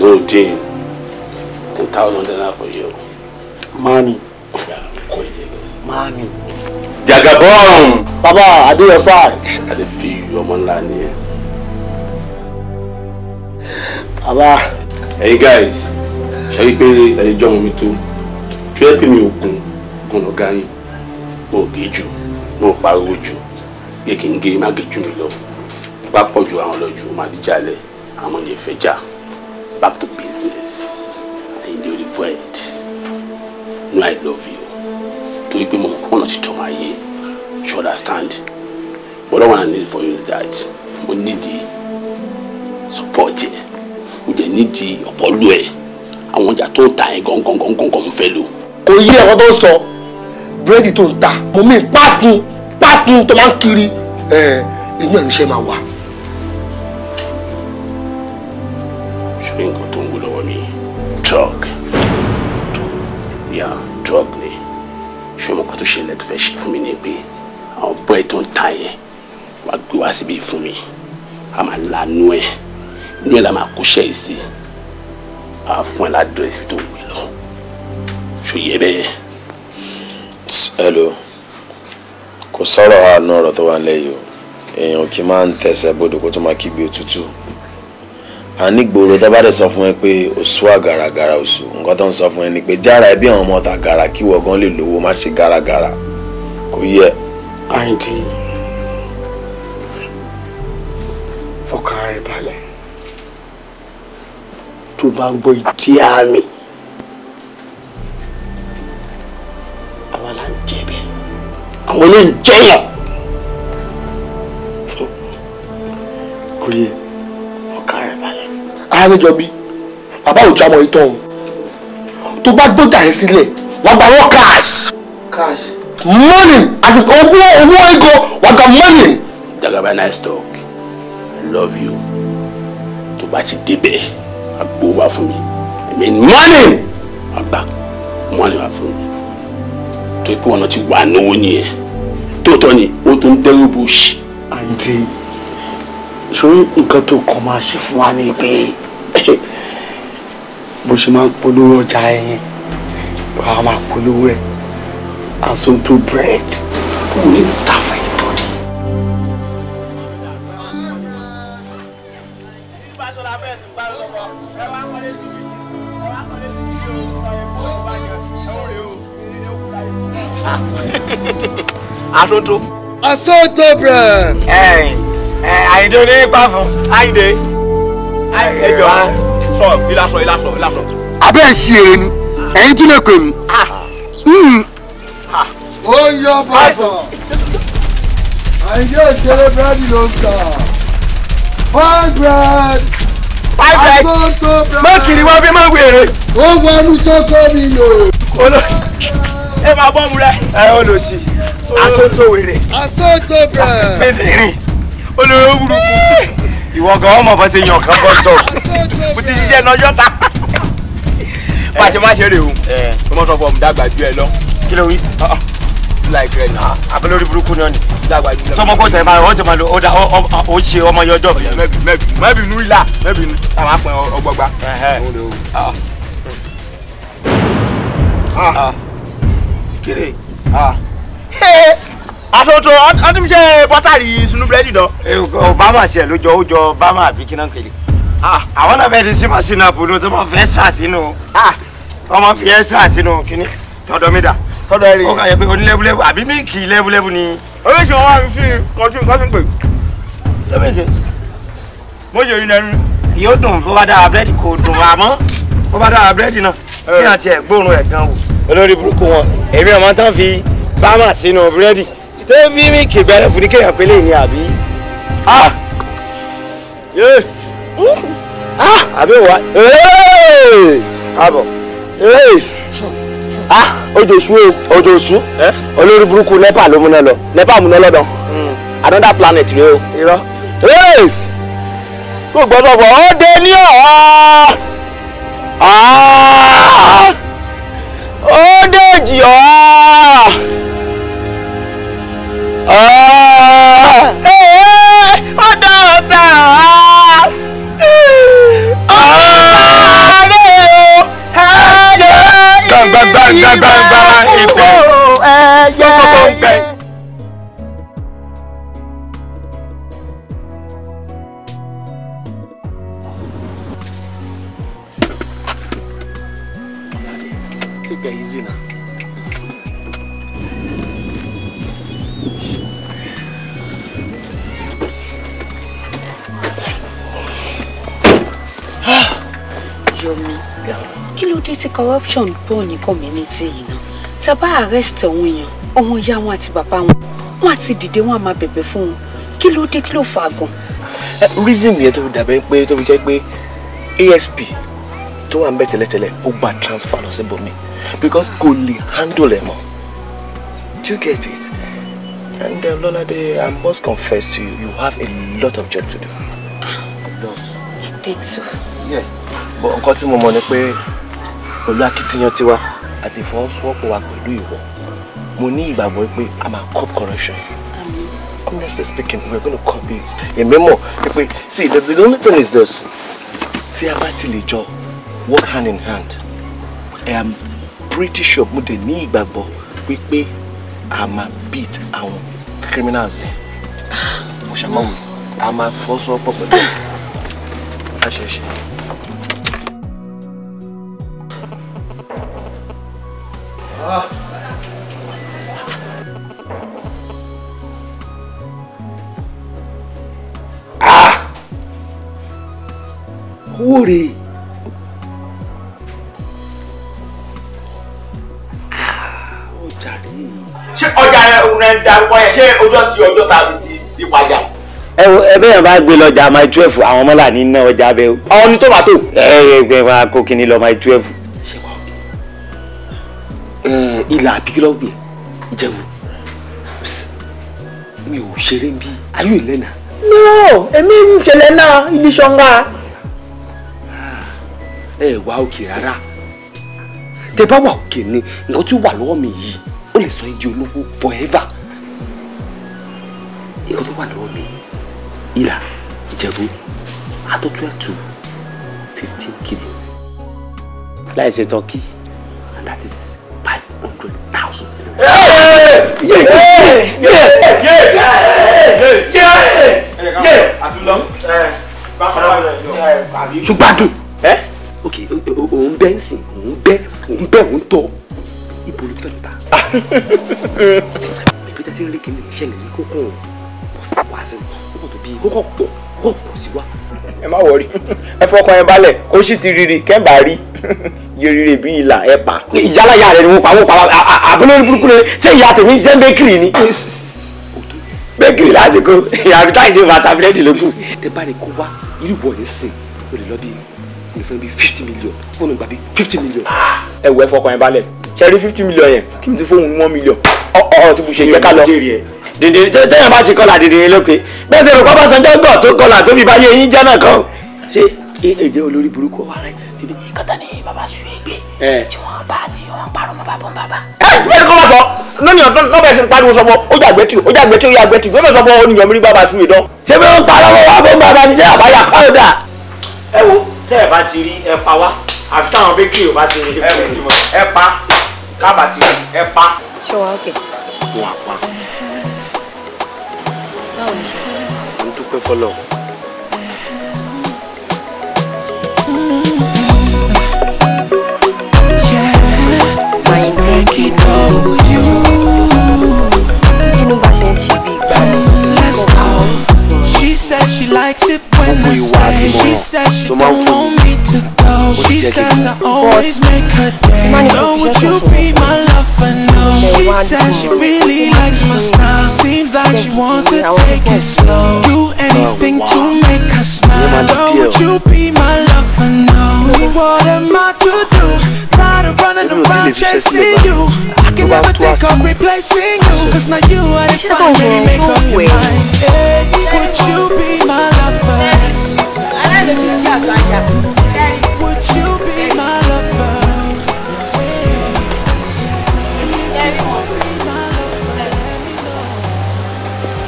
no deal ten thousand dollar fún yìí o. mani mani. jagabon. bàbá adéyọsá. adé fi ọmọ ńlá nìyẹn. bàbá. hey guys ṣe é pé ẹjọ́ mi tó tó yẹ pé mi ò gun gun lọ́gá mo gé jù mo pariwo jù pé kí n gé má gé jù mí lọ bá pọ̀ ju àwọn lọ́jù má díjà lẹ̀ àwọn lè fẹ́ jà back to business I dey regret no I love you torí pé mo kọ́ ọ̀nà ṣètò máa yé you understand but all I need for you is that mo need the support ẹ mo dẹ̀ need the ọ̀pọ̀lù ẹ àwọn ọjà tó ta ẹ gangan gangan gangan mo fẹ́ lò kò yí ẹ̀kọ́ tó ń sọ búrẹ́dì tó ń ta mo mí pa fún pa fún tó máa ń kiri inú ẹ̀rí iṣẹ́ máa wà. ṣé nǹkan tó ń gbé lọ́wọ́ mi drug ya drug ni ṣé mo kàn tó ṣẹlẹ̀ tó fẹ́ ṣe fún mi ní pé àwọn bọ́ẹ̀ tó ń ta yẹn wàá gbé wá síbi fún mi a máa lanú ẹ̀ inú ẹ̀ la máa kó ṣẹ́ yìí sí a fún ẹ ládùúrẹ́sì tó wù ẹ lọ ṣòye bẹ́ẹ̀. hello kò sọ̀rọ̀ àánú ọ̀rọ̀ tó wà lẹ́yìn o èèyàn kì í máa ń tẹ̀sẹ̀ bodò kó tó máa kígbe òtútù ànígboro tó bá dẹ̀ sọ fún ẹ pé òṣù àgàràgàrà òṣù nǹkan tó ń sọ fún ẹ ni pé jára ẹbí àwọn ọmọ ọ̀tà gàrà kí wọ́n gan lè lówó má ṣe gàràgàrà kò yẹ. àìdí fọkàn rẹ balẹ̀ tó bá ń gbọ́ ìdí àmì. àwọn ilé ń jẹyàn kò yẹ fọkà rẹ balẹ̀. arẹ́jọ bí bàbá òjò àmọ́ ìtàn o tó bá gbọ́dọ̀ àyè sílẹ̀ wàá gba wọn cash. cash. money as in owó owó ego wàá gba money. jagaba nice talk love you tó bá ti débẹ̀ àgbo wá fún mi i mean money àgbà money wá fún mi tó ipò ọ̀nà ti wà náwó nìyẹn tóòtọ́ ni ó tún dẹ́rù bó ṣì. àǹtí sórí nǹkan tó kàn máa ṣe fún wa ni pé (laughs) bó ṣe máa ń polówó ọjà ẹyin bá a máa polówó ẹ and some two bread. asoto. asoto brẹ. ẹ ẹ àyìndé oní ipa fún àyìndé ẹ jọ á ah, sọ ìlàsọ ìlàsọ ìlàsọ. abẹ́ ẹ̀ sí èrè ni ẹ̀yin tún lè pè mí. Ah. Hmm. Ah. ó yọ bàbà àyìndé òṣèré búrẹ́dì ló ń ta five bread. five bread asoto bread. má kiri wá bí má wèrè. ó wọnú sọ́kọ́ mi lò. ẹ máa bọ́ mu rẹ. ẹ ó lọ sí i asoto wèrè. asoto bẹ̀rẹ̀. mẹ́tẹ̀ẹ̀rin olóró burúkú ìwọ gan ọmọ bá ṣe yan kan bọ́ sọ mo ti ṣiṣẹ́ náà yọta má ṣe má ṣe rè o mo mọ̀ sọ fún ọmọ dàgbà ju ẹ lọ kí ló wí ah, ah. like rẹ náà abẹ́lórí burúkú náà ni dàgbà ju ẹ lọ. sọmọ kò tẹ máa ọ tẹ máa lo ó da ó ṣe ọmọ yẹn ọjọ́ bìí. mẹ́bìnú ilà mẹ́bìnú táwọn apẹ̀ ọgbọgba. Ah, kiri àtòtò ọ tún ṣe bọ́tàrì sunu búrẹ́dì dán. obama tiẹ̀ ló jọ ó jọ obama àbí kí náà kiri. Ah. àwọn náà bẹ́ẹ̀ ni sípà sínú àpòlò tó máa fi ẹ́sírà sínú ah. tó máa fi ẹ́sírà sínú kíní tọ́dọ̀ mi dà. tọ́dọ̀ ẹ rí i. ó kà yẹ pé onílẹ́bùlẹ́bù àbí mílìkì lẹ́bùlẹ́bù ni. oríṣi wọn wá mi fi kọjú nǹkan tó ń pè. lóbìnrin mo ṣe rí lẹ́nu. yóò dùn bó bá dára búrẹ́dì kò dùn àmọ́ bó bá dára búrẹ́dì náà kí àti eh. ẹ̀ gbóòórùn ẹ̀ gan wò. olórí burúkú wọn èmi ọ̀ bámà sínú búrẹ́dì ṣé mímìkì bẹ̀rẹ̀ fún ní kéèyàn pélé ni àbí. Ah! Ah! àbí wà kábọ̀ ojoṣu o ah! ojoṣu olórí burúkú nepa ló múná lọ nepa múná lọ́dọ̀ hmm. another planet rẹ o. irọ́ kò gbọ́dọ̀ bọ̀ ọ́ dé ní ọ̀hún ó dé jì ọ̀hún ọ̀dọ̀ ah! ọ̀tá gbàgbàgbàgbàgbà ìpè gbogbo gbẹ. Ah! Take it easy now. Yomi kí ló dé tí corruption pọ̀ ní community yìí náà sábà arrest àwọn èèyàn ọmọ ìyá wọn àti bàbá wọn wọn àti dìde wọn máa bẹ̀bẹ̀ fún wọn kí ló dé kí ló fà gan. Eh, reason yẹn tó fi dàbẹ́ pé tó fi jẹ́ pé ASP tó wà ń bẹ̀ tẹ́lẹ̀tẹ́lẹ̀ ó gba transfer lọ sí bomi because kò lè handle ẹ̀ mọ́ do you get it and um, Lọ́ládé I must confess to you you have a lot of job to do. Ah, I think so. Yeah bọ̀ nǹkan tí mo mọ̀ ni pé pẹ̀lú akitiyan tiwa àti ìfọwọ́sowọ́pọ̀ wa pẹ̀lú ìwọ mo ní ìgbàgbọ́ pé a máa cop corruption. honestly speaking we are going to cop it èmi mọ̀ pé see the, the only thing is this tí a bá ti lè jọ work hand in hand I am pretty sure mo dẹ̀ ní ìgbàgbọ́ wípé a máa beat àwọn criminals yẹn mo ṣàmọ́wò a máa fọ́sọ́ pọ̀ pẹ̀lú àṣẹṣe. Ah. Ah. Owó rèé. Ọjà rèé. Ṣé ọjà rẹ̀ ń darúkọ yẹn? Ṣé ọjọ́ ti ọjọ́ tàbí ti ìpàjà? ẹbẹ́ yẹn bá gbé lọ́jà máa twelve àwọn ọmọ là ní ná ọjà bẹ́ẹ̀. ọ̀ọ́ni tó bá tó. ẹ ẹ ẹ máa kó kinní lọ máa twelve. Eh, ilà àbíkílọ́ gbìn ìjẹun mi ò ṣeré bí ayé ìlẹ́nà. no èmi ń ṣẹlẹ̀ náà ilé-iṣọ́ngá. ẹ wá òkè rárá tẹ bá wà òkè ni nǹkan tí ó wà lọ́wọ́ mi yìí ó lè sọ ìdí olówó forever nǹkan tó wà lọ́wọ́ mi ìlà ìjẹ̀bú àtọ́tún ẹ̀tù fifteen kilo láì ṣe tọ́kì and that is five hundred thousand. ṣùgbọ́n àdùn ẹ́ ok òun bẹ́ ń sìn òun bẹ́ òun bẹ́ òun tọ́ ibo ló ti fẹ́ lọ ta. bèbí tẹ́tí ń rí kí n lè ṣẹlẹ̀ ní kókó pọ̀ sí wá sí kókó tó bí kókó pọ̀ kókó pọ̀ sí wá ẹ má wọrí ẹ fọkàn ẹ balẹ̀ kó sì ti riri kẹ́ńbà rí yerire bí ìlà ẹ pa. ìyálà ìyá rẹ ni mo pa mo pa àbúrò ní burúkú rẹ ṣé ìyá tèmi ṣe bẹ́kìrì ni. bẹ́kìrì lásìkò ìyàbí táyì ní bàtà búrẹ́dì ló kù. tẹ bá ní kó wá irú bọ̀ ní sìn o lè lọ bí mo fẹ́ bí fifty million fóònù gbà bí fifty million. ẹ wọ ẹ fọkàn ẹ balẹ̀ ṣe rí fifty million yẹn kí n ti fóònù one million ọ̀rọ̀ tí mo ṣe yẹ ká lọ dìndín tẹ́yàn bá ti kọlà dìndín lókè bẹ́ẹ̀ ṣe pápá sanjọ́ gbọ̀ tó kọlà tó fi báyé yín jẹ́ náà kan ṣé èdè olórí burúkú wa rẹ síbi kọ́tà ni bàbá sùn tí wọ́n bá tí wọ́n parọ́ mọ́ bàbá bàbá. ẹ ẹ kọ́ bá sọ lónìí ọ̀tún náà bẹ̀rẹ̀ sí pariwo sọ fọ ó jà gbẹ́tì ó jà gbẹ́tì ó yà gbẹ́tì gbẹ́mẹ̀ sọ fọ oníyàn mi rí bàbá sùn ìdán. ṣé bí wọ́n parọ́ mọ́ bàbá bàbá ni ṣé àbáyà kọ́ She she likes it when I stay. She said she don't want me to go. She says I always make her day. Girl, would you be my lover now? She says she really likes my style. Seems like she wants to take it slow. Do anything oh, to make her smile. Oh, would you be my lover now? What am I to do? Tired of running around chasing you. I can never think of replacing you. Cause now you are the one really make up your mind. Hey, would you be my lover? Yes, would you?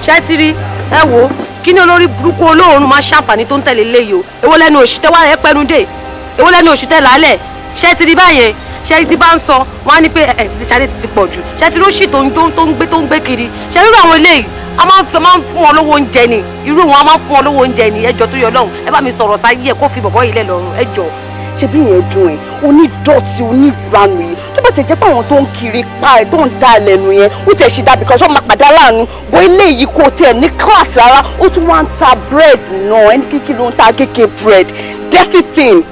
ṣẹ́tìrí ẹ wò ó kí ni olórí burúkú olóòórùn máa ṣàǹfààní tó ń tẹ̀lé léyìí o èwo lẹ́nu òṣì tẹ́ wá ẹ pẹ́nu dé èwo lẹ́nu òṣì tẹ́ lálẹ̀ ṣẹ́tìrí báyẹn ṣẹ́tìrí bá ń sọ wọ́n á ní pé ẹ̀ ti ṣadé ti pọ̀ jù ṣẹ́tìrí ó ṣì tó ń gbé tó ń gbé kiri ṣẹ́tìrí àwọn eléyìí a máa ń fi máa ń fún wọn lówó oúnjẹ ni irú wọn a máa ń fún wọn lówó oúnjẹ ni ẹjọ tó yọ lọhùn ẹ bá mi sọ̀rọ̀ sáyé ẹ kó fi bọbọ yìí lẹ lọ́rùn ẹjọ. ṣebí yẹn dùn ẹ onídọ̀tí oníranu tó bá ti jẹ́ pé àwọn tó ń kiri pa ẹ̀ tó ń da lẹ́nu yẹn ó tiẹ̀ ṣì dá because wọ́n máa padà láàánú bó ilé yìí kò tiẹ̀ ní class rárá ó tún wá ń ta bread náà ẹni kíkì ló ń ta kéke bread dirty thing.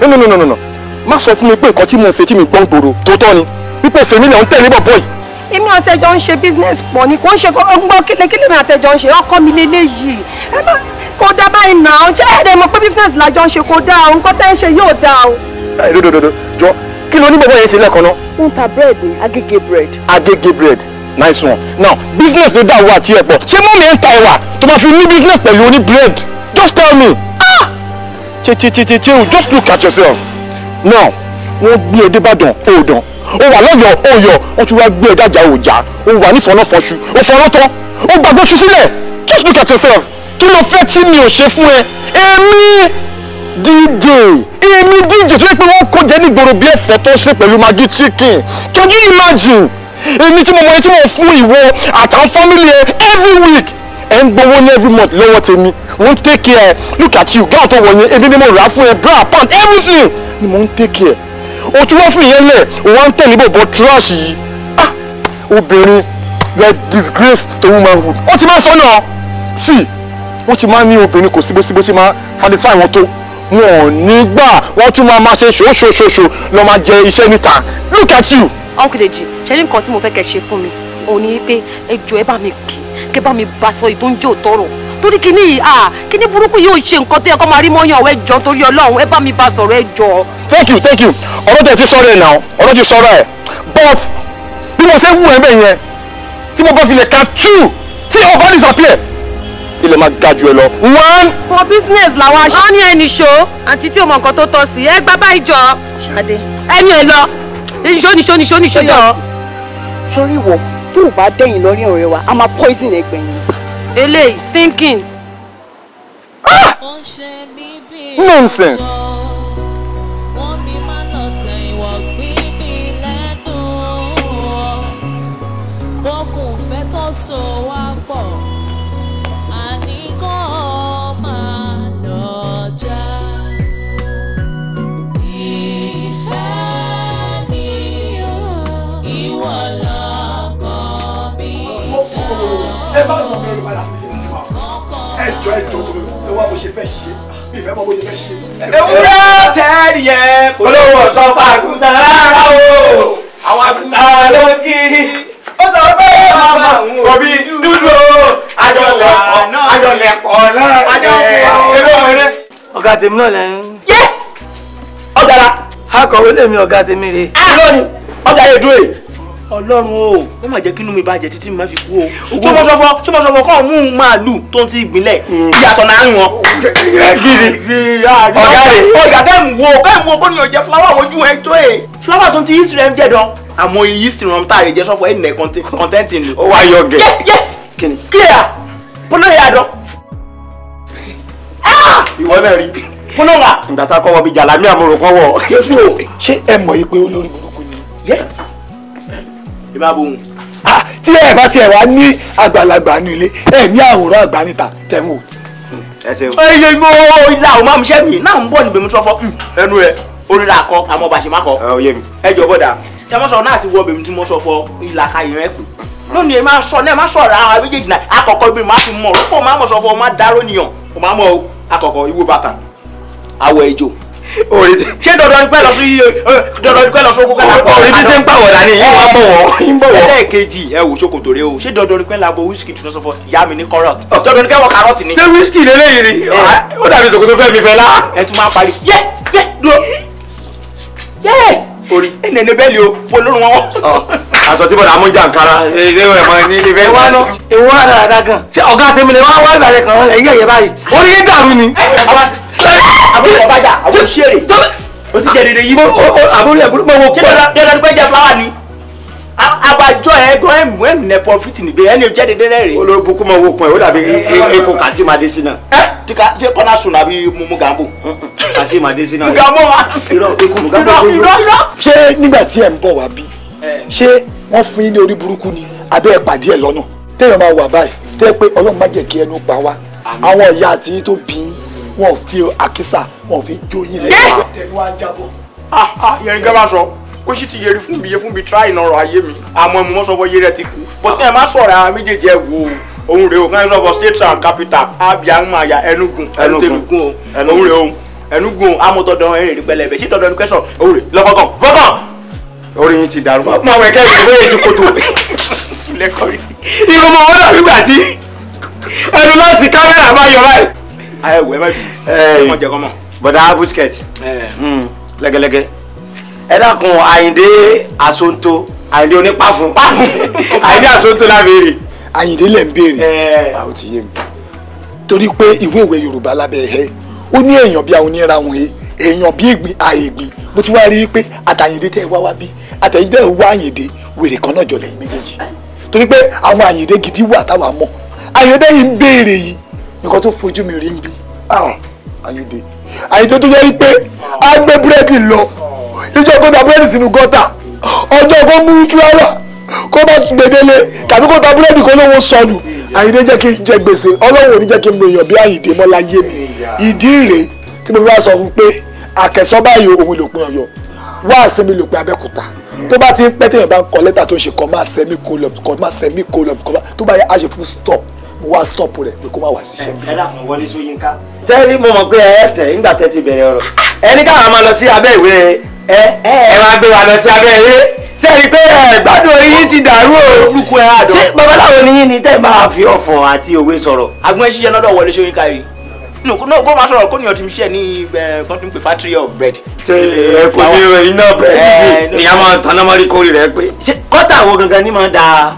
no no no no no má sọ fún mi pé nǹkan tí mo ń fetí mi gbọ́n gbòòrò tó tọ́ ni pípọ̀ fèmí lẹ̀ ń tẹ̀lé bọ̀ bọ́ì. èmi àtẹjọ ń ṣe business pọ̀ ni kò ń ṣe kó ń gbọ́ kílékílé mi àtẹjọ ń ṣe ọkọ mi lélẹ́yìí ẹ máa kó dá báyìí nà ó ṣé ẹ̀ẹ́dẹ̀ mọ̀ pé business làjọ ń ṣe kó dá o nǹkan tẹ́ ń ṣe yóò dá o. ẹ dododo jọ kí ló ní bọ̀bọ̀ yẹn ṣe lẹ́ẹ̀kan náà. ń ta bread ni agege bread. agege bread nice one now business ló dá owó àti ẹ̀pọ̀ ṣé mọ́mí ń ta ẹ̀wà tó máa fi ní business pẹ̀lú oní bread just tell me. ah chechechechechew just look at yourself now wọ́n gbé ẹ e débàdàn òòdàn ó wà O òòyọ̀ wọ́n ti wá gbé ẹ e jájà òòjà ó wà nífọ̀ọ́nà fọṣu O fọ̀ọ́nà tán O gbàgbé ṣu sílẹ̀ just look at yourself kí ló fẹ́ tí mi ò ṣe fún ẹ èmi DJ èmi DJ tó yẹ pé wọ́n kó jẹ nígboro bí ẹ̀fọ́ tó ṣe pẹ̀lú magi chicken can you imagine èmi tí mo mọ ẹni tí mo fún ìwọ àtàwọn family ẹ every week ẹ ń gbowó ní every month lọ́wọ́ tèmi mo ń take care look at you gáà tó wọ̀nyẹn èmi ni mo rà á fún ẹ bra pant everything ni mo ń take care o tún wọ́n fún ìyẹn lẹ̀ o wá ń tẹ̀lé bọ̀bọ̀ trash yìí ah obìnrin you disgrace to womanhood ó ti máa sọ náà see wọ́n ti máa ń ní obìnrin kò sí sí máa satisfy wọn tó wọn ò ní gbà wọ́n tún máa máa ṣe ṣòṣòṣòṣò lọ máa jẹ iṣẹ́ níta look at you. ọ̀nkìlẹ̀jì ṣe ní nǹkan tí mo fẹ́ kẹ́ ṣe fún mi òun ni pé ẹjọ́ ẹ bá mi kì í kẹ́ bá mi bá sọ èyí ń jẹ́ òtọ́rọ̀ torí kíní yìí ah kíní burúkú yóò ṣe nǹkan tó yẹ kó máa rí mọ́yàn ọ̀wẹ́ jọ torí ọlọ́run ẹ bá mi bá sọ̀rọ̀ ẹ jọ. thank you thank you ọ̀rọ̀ tẹ̀ ti sọ̀rọ̀ ẹ̀ náà ọ̀rọ̀ ti sọ̀rọ̀ ẹ̀ but bí mo ṣe wù ẹ́ bẹ́ẹ̀ yẹn tí mo bá fi lè ka two tí ọba disappear ilẹ̀ máa ga jù ẹ lọ. one. for business làwọn aṣọ. wọ́n ní ẹni ṣó àti tí o mọ nǹkan tó tọ́ sí ẹ gbá báyìí jọ. ṣáde. ẹni ẹ lọ níṣó níṣó níṣó níṣó jọ. sórí ìwọ tó o bá dẹ̀yìn lórí ọ̀rẹ́ wa a máa poison ẹgbẹ́ yẹn. eléyìí stinking. Ah! nonsense. ṣe fẹ́ ṣe mi fẹ́ mọ bó ṣe fẹ́ ṣe. ewúrẹ́ tẹ́ẹ̀rì yẹn olówó sọ fún àgùntàn rárá o àwọn àgùntàn ló ó sọ pé ọmọ òbí dúdú àjọlẹ̀pọ̀ náà àjọlẹ̀pọ̀ ọ̀gá tèmi náà lẹ́yìn. ọ̀gá la akọ̀wé lèmi ọ̀gá tèmi rè é. ọ̀gá yẹn dúró yìí ọlọ́run o wọ́n máa jẹ́ kí inú mi bàjẹ́ títí mi máa fi kú o ṣọmọṣọfọ ṣọmọṣọfọ kọ́ mú un màálù tó ti ìgbìnlẹ̀ hmm. ìyàtọ̀ náà ń wọn. gidi ọ̀gá rẹ̀ ọ̀gá kẹ́ ń wo kẹ́ ń wo kó ní ọ̀jẹ̀ fúláwà ojú ẹ̀ tó e. fúláwà tó ti yíṣì rẹ̀ ń jẹ̀ dán àmọ́ yíṣì rẹ̀ tá a lè jẹ́ sọ́fọ̀ ẹ̀ nẹ̀ kọ́ńtẹ́ǹtì ni. ó wá yọ gẹ̀. yẹ yẹ kílíà polóyè àdán. Ah! ìwọ náà rí. polóyè. ìgbà tá a kọ́ wọ bíi jàlámì àmúrò kọ́ wọ. ṣé ẹ mọ̀ yìí pé olórí burúkú ni ẹ má bohun. tí ẹ bá tiẹ̀ wá ní àgbàlagbà nílé ẹ ní àwòrán àgbà níta tẹ̀wọ̀n. ẹ ṣeun. ẹyẹ mo ìlà òun máa mú iṣẹ́ mi náà ń bọ̀ níbi mi tọ́fọ́ hmm, ẹnu rẹ̀ oríra kọ àmọ́ bàṣẹ má kọ. ẹ jọ bọ́dà ṣé mo sọ náà ti wọ bèmí tí mo sọ fọ ìlà kayọ̀ ẹ pè lónìí ẹ máa sọ náà ẹ máa sọ̀rọ̀ àwọn méjèèjì náà àkọ́kọ́ ibi máa fi mọ̀ rọ́pò máa mọ̀ sọ fọ ọ máa dárò nìyàn ọ máa mọ̀ àkọ́kọ́ ìwé bàtà àwọ̀ ẹ̀jọ̀ ṣé dandan ni pẹ́ lọ sí eh, dandan ni pẹ́ lọ sí okó kẹ́lá. orí bí ṣe ń pàwọ̀ dání yín wá bọ̀wọ̀ yín bọ̀wọ̀. ẹlẹ́ẹ̀kejì ẹ wò ṣòkòtò rẹ o ṣé dandan ni pẹ́ la bo wíṣíkì tí wọ́n sọ fọ ìyá mi ní kọ́rọ̀t. Oh. dandan ni kẹ́wọ̀ kárọ̀tì ni. ṣé wíṣíkì lélẹ́yìn ni eh. ah, ó dàbí ṣòkòtò fẹ́ mi fẹ́ lá. ẹ tún máa parí yẹ yẹ dúró yẹ orí ẹnẹ ní bẹ́ẹ̀lì o polórun wọn. Oh. aṣọ tí bọ̀dà amújà nkara ṣe ẹ mọ ní ilé bẹ́ẹ̀lì. ìwọ àná ìwọ àná àdá gan ṣé ọ̀gá tèmi lè wá wá ìbàdàn kan ẹ̀yẹ́ ẹ̀yẹ́ báyìí orí yín dàrú ni àbúrò ìwọ bá jà o ti jẹ dèdè yìí. àbúrò ìwọ mo wo kúrò. kí ló dé pẹ́ jẹ fúláwà ni abajọ ẹ gan ẹ mú ẹmí nẹ pọfiti níbẹ ẹni jẹ dédé rẹ rè. olóògùn kúmọ̀ wo pọ̀ ẹ̀ ó dàbí e, e, eko Kasim Adesina. ẹ tika ṣe kọ́nà sùn àbí mumu gambo. Kasim Adesina. gambo wa irọ́ eko mugambo irọ́ irọ́ irọ́. ṣé nígbà tí ẹ ń bọ̀ wá bí ṣé wọ́n fún yín ní orí burúkú ni àbẹ́ ẹ pàdé ẹ lọ́nà téèyàn máa wà báyìí tó yẹ pé Ọlọ́run má jẹ́ kí ẹnu pa wá àwọn ìyá àti yín tó bí yín wọn ò fi àkísà wọn ò fi jó yín lẹ́yìn. tẹ̀lé wa jábọ̀. yẹrin gẹ́gẹ́ bá sọ kó sì ti yẹri fún mi yẹ fún mi tíráì náà rọ ayé mi àmọ́ ẹ̀mú mọ́sọ̀ yẹrẹ ti kú bọ́tí ẹ̀ má sọ̀rọ̀ àwọn méjèèjì ẹ̀ wò ó òun rèé o kí wọ́n state and capital abia ń ya ẹnugun ẹnugun òun rèé o ẹnugun amọ̀tọ̀dọ̀ ẹ̀rìn pẹlẹbẹ sí tọ̀dọ̀ ẹnukẹ́sọ̀ òun rèé lọ́kọ̀kan fọ́kàn. orí yín ti dàrú. máa wẹ̀ kẹ́rin ìwé ètò kòtò. ìrùmọ̀ wọn dàbí gbà ẹnu náà kámẹ́rà bá yọ báyìí ayé wẹ má bi ẹ mọ jẹ kọmọ. bọ̀dá busket hmm, lẹ́gẹ́lẹ́gẹ́ ẹ dákun àyíndé àsonto àyíndé onípàfún (laughs) àyíndé àsonto lábẹ́rẹ́. àyíndé lẹ̀ ń a àwọn ti yé mi torí pé ìwé ìwé yorùbá lábẹ́ ẹ̀ ó ní èèyàn bí àwọn onírà wọn èèyàn bí ègbìn àìgbìn mo ti wá rí i pé àtàyìndé tẹ wá wá bí àtàyìndé wá àyìndé wèrè kan náà jọlẹ̀ méjèèjì torí pé àwọn àyìndé gidi wà táwa mọ̀ àyìndé yìí ń béèrè yìí nǹkan tó fojú mi rí ń bí àyíǹde ah, àyíǹde tó yẹ pé a gbé búrẹ́dì lọ níjọ́ kó ta búrẹ́dì sínú gọ́tà ọjọ́ kó mú fúláwà kó má gbèdéle tàbí kó ta búrẹ́dì kó lówó sọnù àyíǹde jẹ́ kí n jẹ gbèsè ọlọ́run ò ní jẹ́ kí n mọ èèyàn bí àyíǹde mọ́ láyé mi ìdí rèé tí mo fi wá sọ fún pé àkẹ́sọ́ báyìí òun lòpin ọ̀yọ́ wá àsẹ́mi lòpin abẹ́kúta tó bá ti ń pẹ́ tẹ̀yàn bá ń kọ lẹ́tà tó ń ṣe kọ́ máa sẹ́mi kólọ̀m kọ́ máa sẹ́mi kólọ̀m kọ́ máa tó bá yẹ á ṣe fún stop mo wá stop rẹ̀ pé kó má wá síṣẹ́. ẹ dàkún wọlé sóyínká. sẹ́ẹ̀rí mo mọ̀ pé ẹ tẹ̀ nígbà tẹ́ ti bẹ̀rẹ̀ ọ̀rọ̀ ẹni káwọn máa lọ sí abẹ́ ìwé ẹ ẹ máa gbé wa lọ sí abẹ́ ìwé sẹ́ẹ̀rí pé gbádùn yín ti dàrú o. olùkọ́ ẹ àdán. ṣé babaláwo ni yín ni tẹ́ máa fi ọ̀fọ̀ àti òwe sọ̀rọ̀. agbọ́n ṣiṣẹ́ lọ́dọ̀ wọlé sóyínká yìí no no kó máa sọ̀rọ̀ kó ní ọtí mi ṣe ní kan tó ń pè factory of bread. ṣe ẹ kò ní iná bread ìyá máa tanná mọ́rí rẹ pé. ṣé kọ́tà wo gangan ni máa da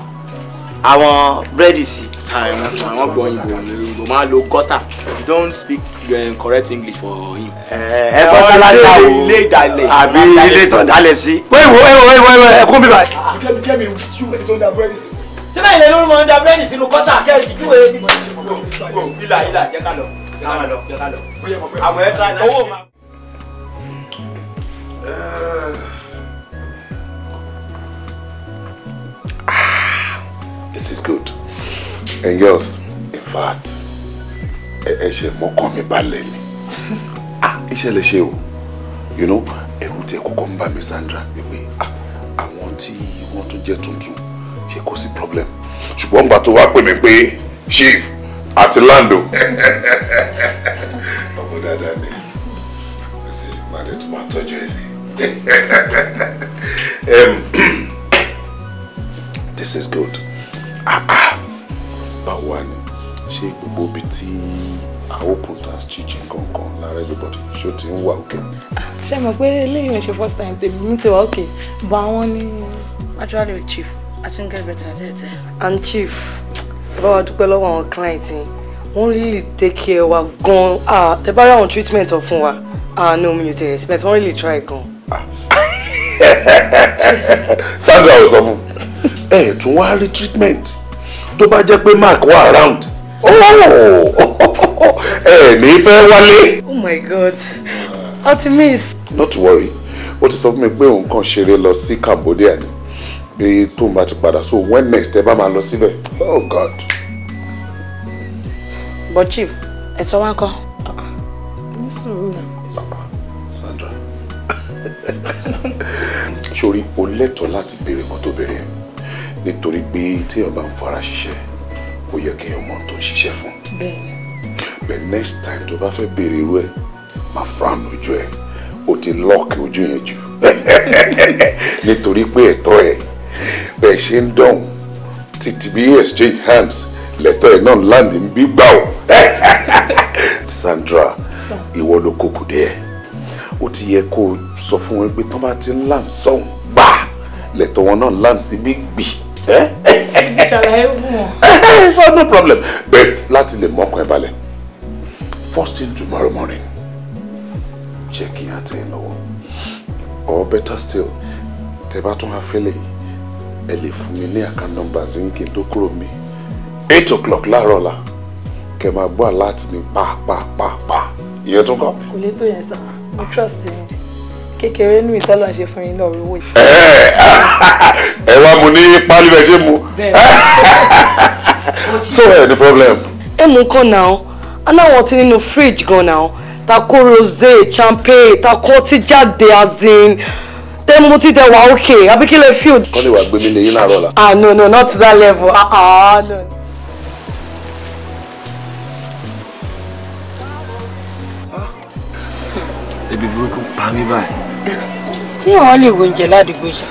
àwọn búrẹ́dì sí time àwọn gbọ́ òyìnbó òyìnbó máa lo gutter you don't speak uh, correct english for him. ẹ ẹ kọ́ sáláńdà o ilé ìdálẹ̀ àbí ilé ìtọ̀dálẹ̀ sí. wọ́n ìwọ ẹ wọ ẹ wọ ẹ kó mi bá. kẹ́mi ah, kẹ́mi ṣú ẹni tó ń da búrẹ́dì sí. síbẹ̀ ilé ló ń mọ da búrẹ́dì sínú gutter kẹ́ẹ̀sì bí wọ́n ebi ti. ìlà ìlà jẹ́ ká lọ jẹ́ ká lọ jẹ́ ká lọ àwọn ẹ̀ tra náà. Ah, this is good and girls in fact ẹ ṣe mọ́kàn mi balẹ̀ ah iṣẹ́ lè ṣe you know ẹ̀rù tẹ kọ́kọ́ ń bà mí Sandra wípé ah, àwọn tí wọ́n tún jẹ́ tuntun ṣe kò sí problem She nígbà tó wá pè mí pé chief àti lando (laughs) ọmọ dáadáa ni ẹsẹ ìpàdé tó máa tọ́jú ẹsẹ. (laughs) (clears throat) this is good. Ah, ah bá wà ní ṣé gbogbo ibi tí a open as chichi kankan lára everybody ṣó ti ń wà òkè. ṣé mo pé eléyìí ò ṣe first time tèmi mú ti wà òkè bá wọn ní. actually o chief i think get better tẹ́tẹ́. and eh? chief ẹ bá wa dúpẹ́ lọ́wọ́ àwọn client yìí wọ́n really take care wa gan-an tẹ bá rí àwọn treatment ọ̀ fún wa àánú mi ò tẹ̀ expect wọ́n really try gan-an. Ah. (laughs) Sandra ò sọ fún ẹ tún wá rí treatment tó bá jẹ́ pé mark wà around (laughs) ẹ ní fẹ́ wálé. oh my god i ti miss. not to worry ó ti sọ fún mi pé òun kàn ṣeré lọ sí cambodia ni bí tóun bá ti padà so when next ẹ bá máa lọ síbẹ̀ oh god. but chief ẹ̀tọ́ wa kọ́. ní sùúrù náà. sandra sori (laughs) o lẹ́tọ̀ọ́ láti béèrè kan tó yẹn nítorí pé téèyàn bá ń fara ṣiṣẹ́ ó yẹ kéèyàn mọ̀ tó ń ṣiṣẹ́ fún. bẹ́ẹ̀ni. but next time tó bá fẹ́ béèrè irú ẹ̀ máa frown ojú ẹ̀ ó ti lọ́ọ̀kì ojú yẹn jù (laughs) nítorí pé ẹ̀tọ́ ẹ̀ bẹ́ẹ̀ ṣe ń dọ̀hún títí bí exchange hands lẹ́tọ́ ẹ̀ náà land ń bí gbà ó. Sandra ìwọ ló kókò dé ẹ̀ ó ti yẹ kó o sọ fún wọn pé tán bá ti ń land sọ̀hún gbà lẹ́tọ̀ wọn náà land sí bí gbì ṣàlàyé fún wọn. Eh, so no problem but láti lè mọ́kàn ẹ̀ balẹ̀ first thing tomorrow morning Checking out, á tẹ̀ ẹ́ or better still The bá tún wá fẹ́lẹ̀ ẹ lè number. mi ní àká nọ́mbà zinc tó kúrò eight o'clock láàárọ̀ la kẹ máa my boy ní pàápàá pàápàá ìyẹn tún kọ́. kò lè tó yẹn sá trust yẹn kékeré nù ìtọ́lọ̀ ṣe fún yín náà rówó yìí. (laughs) ẹ wá mu ní pálí ṣe mu (laughs) so ẹ ní problem. ẹ mú nǹkan náà aláwọ̀ ti nínú fridge gan náà ta kó rosé champagne ta kó ti jáde azin tẹ mú títẹ wà ókè àbí kí lè fíl. wọ́n lè wá gbé mi lè yín láàárọ̀ la. ah no no not that level ah ah no. ebi burúkú pa mí báyìí. tí àwọn lè wo oúnjẹ ládùúgbò ṣá.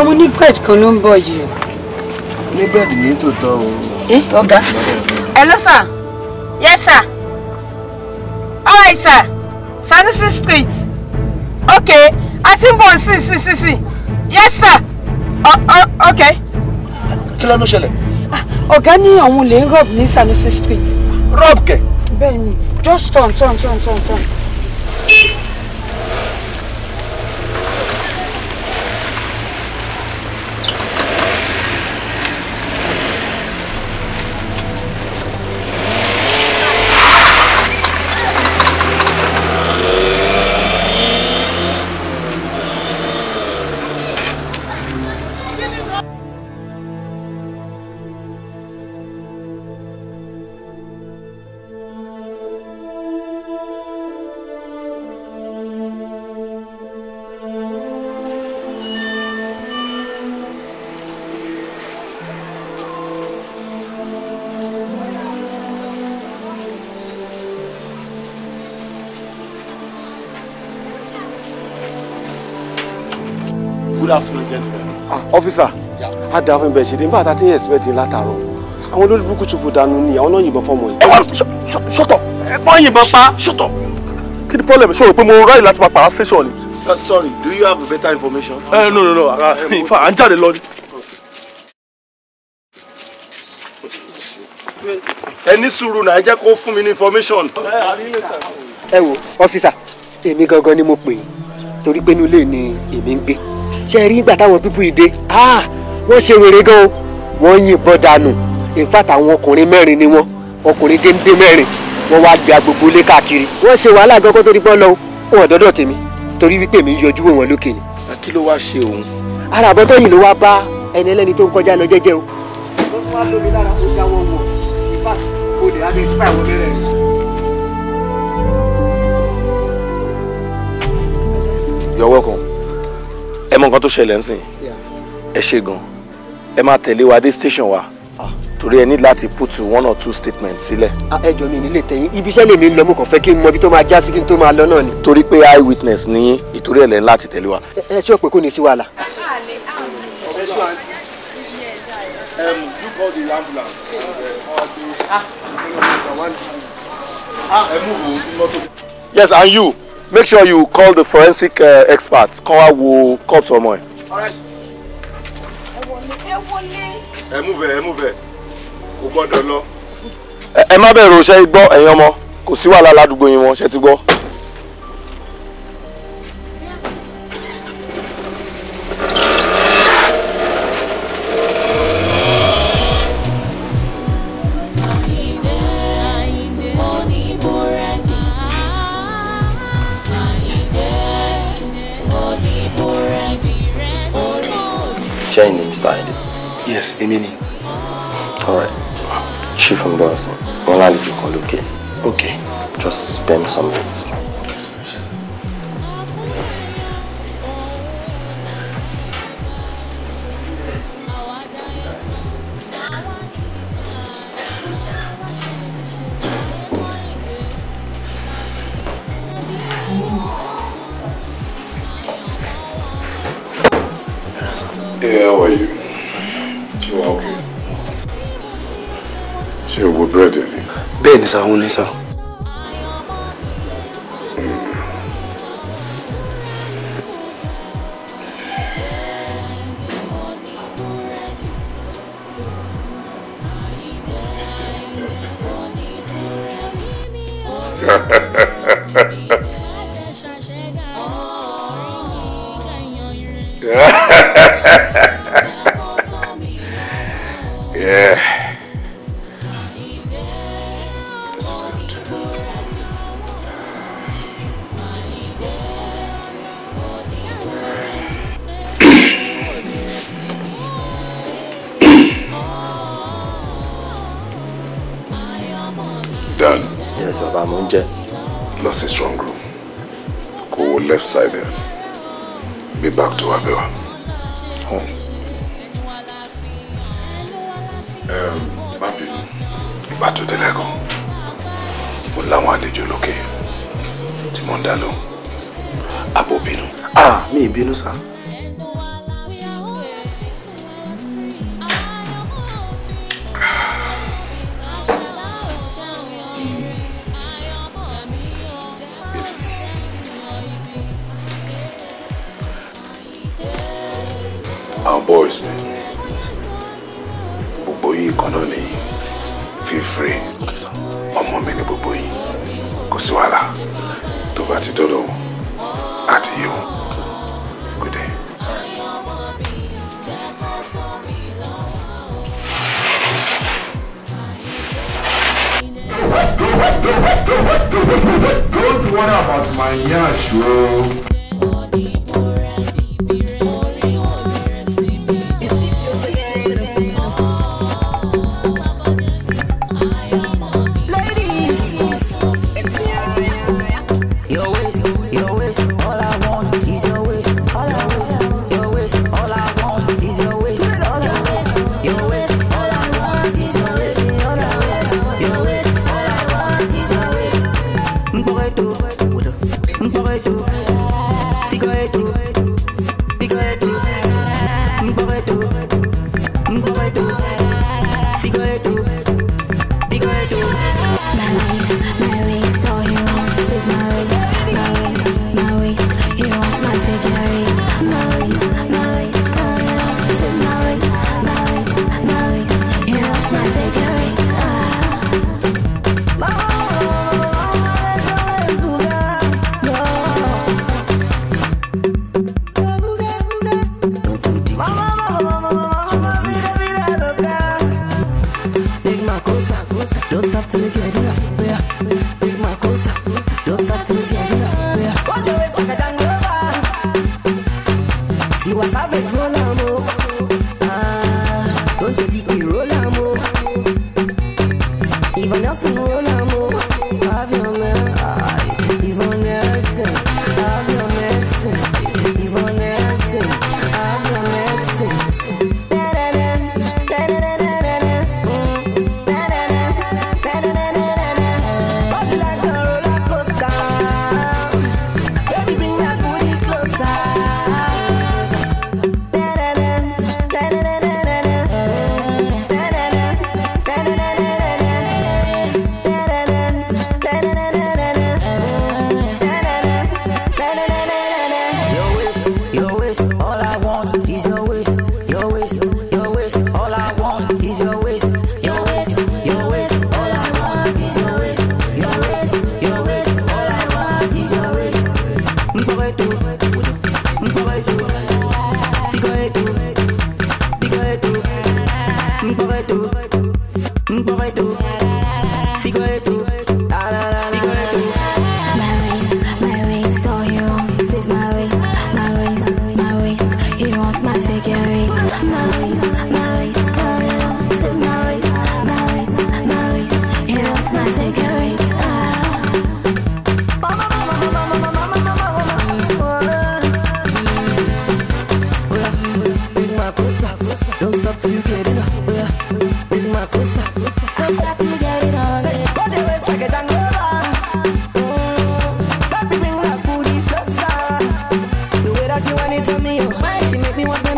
ọmọ ní bread kan ló ń bọ̀ yìí o. ní bread ní tòótọ́ o. ẹ ọ̀gá ẹ ló yes sir all right sir Sanusi street okay a ti ń bọ̀ sí sí yes sir. Oh, oh, ok. kí ló ló ṣẹlẹ̀. Ah, ọ̀gá ní àwọn lè ń rob ní Sanusi street. rob kẹ. bẹ́ẹ̀ni just turn turn turn turn turn. ọ́fíìsà àdá fún bẹ́ẹ̀ ṣe dé nígbà tá a ti ń expect yín látàárọ̀ àwọn olórí burúkú ṣòfò dànù ni àwọn náà yìnbọn fọmọ yìí. ẹ wá ṣọtọ ẹ pọ́n yìnbọn pa ṣọtọ. kí ni problem ṣòro pé mo ráyè láti máa pàrọ̀ station ni. Uh, sorry do you have better information. ẹ eh, no no no ah, eh, in fact à ń jáde lọ ni. ẹ ní sùúrù náà jẹ́ kó fún mi ní information. Eh, ẹ wo ọ́fíìsà èmi gangan ni mo pè é torí pé inú ilé ni èmi ń gbé ṣe rí ìgbà táwọn pípú ìdè ah, wọ́n ṣe wèrè gan o wọ́n yìnbọn dànù in àwọn ọkùnrin mẹ́rin ni wọ́n ọkùnrin géńdé mẹ́rin wọ́n wá gba gbogbo ilé káàkiri wọ́n ṣe wàhálà gan kó tó di pọ́ lọ o wọn dọ́dọ̀ tèmi torí wípé mi yọjú wọn lókè ni. kí ló wá ṣe òun. ara àbọ̀tọ́ yìí ló wá bá ẹni ẹlẹ́ni tó ń kọjá lọ jẹ́jẹ́ o. wọ́n tún You're welcome mọ nǹkan tó ṣẹlẹ̀ ń sìn ẹ ṣe gan ẹ máa tẹ̀lé wa dé station wa ah. torí ẹ ní láti put one or two statements sílẹ̀. Ah, ẹ jọ mi nílé tẹ̀yìn ibi iṣẹ́ lèmi ń lọ mo kàn fẹ́ kí n mọ ibi tó máa já sí kí n tó máa lọ náà ni. torí pé eye witness ní ìtorí ẹ̀ lẹ́yìn láti tẹ̀lé wa. ẹ ṣé o pé kò ní sí wàhálà. and ọ̀dọ̀ ọ̀dọ̀ ẹ̀ yes and you make sure you call the forensic uh, expert kan wá wo corpse ọmọ ẹ. ẹ mú bẹ ẹ mú bẹ kò gbọ́dọ̀ lọ. ẹ má bẹ̀rù ṣe gbọ́ ẹ̀yin ọmọ kò sí wàhálà ládùúgbò yín wọn ṣe ti gbọ́. 咋弄的咋？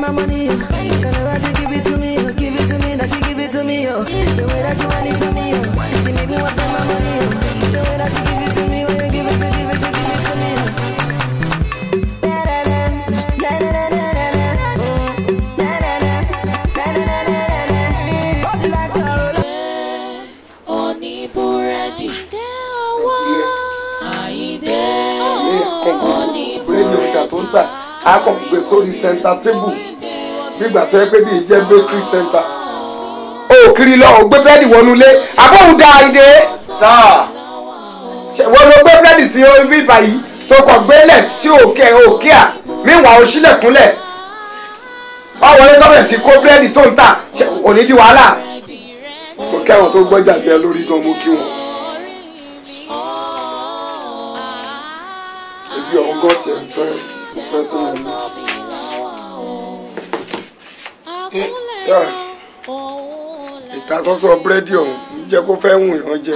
my money. Yo. Can I rather give it to me? Yo. Give it to me, that she give it to me. Yo. The way that you want it to me, yo. she make me want my money. Yo. The way that she give it to me, when you give it to, give it to, give it to me. Yo. tó ń tà á kàn gbé sórí center table ìgbà tó yẹ pé bíi jẹ́ bakery center ó kiri lọ òun gbé búrẹ́dì wọnú ilé àbóhùn da ìdè sáà wọ́n ló gbé búrẹ́dì sí orí bíbá yìí tó kọ̀ gbélẹ̀ tí òkè òkè à míwàá ó sílẹ̀kúnlẹ̀ ọwọ́ lé gọ́ọ̀mẹ̀ sí kó búrẹ́dì tó ń tà òní di wàhálà kò tó gbọ́jà jẹ lórí gan mo Ah, ìtasọ́sọ́ búrẹ́dì ọ̀hún jẹ́ kó fẹ́ wùn yàn jẹ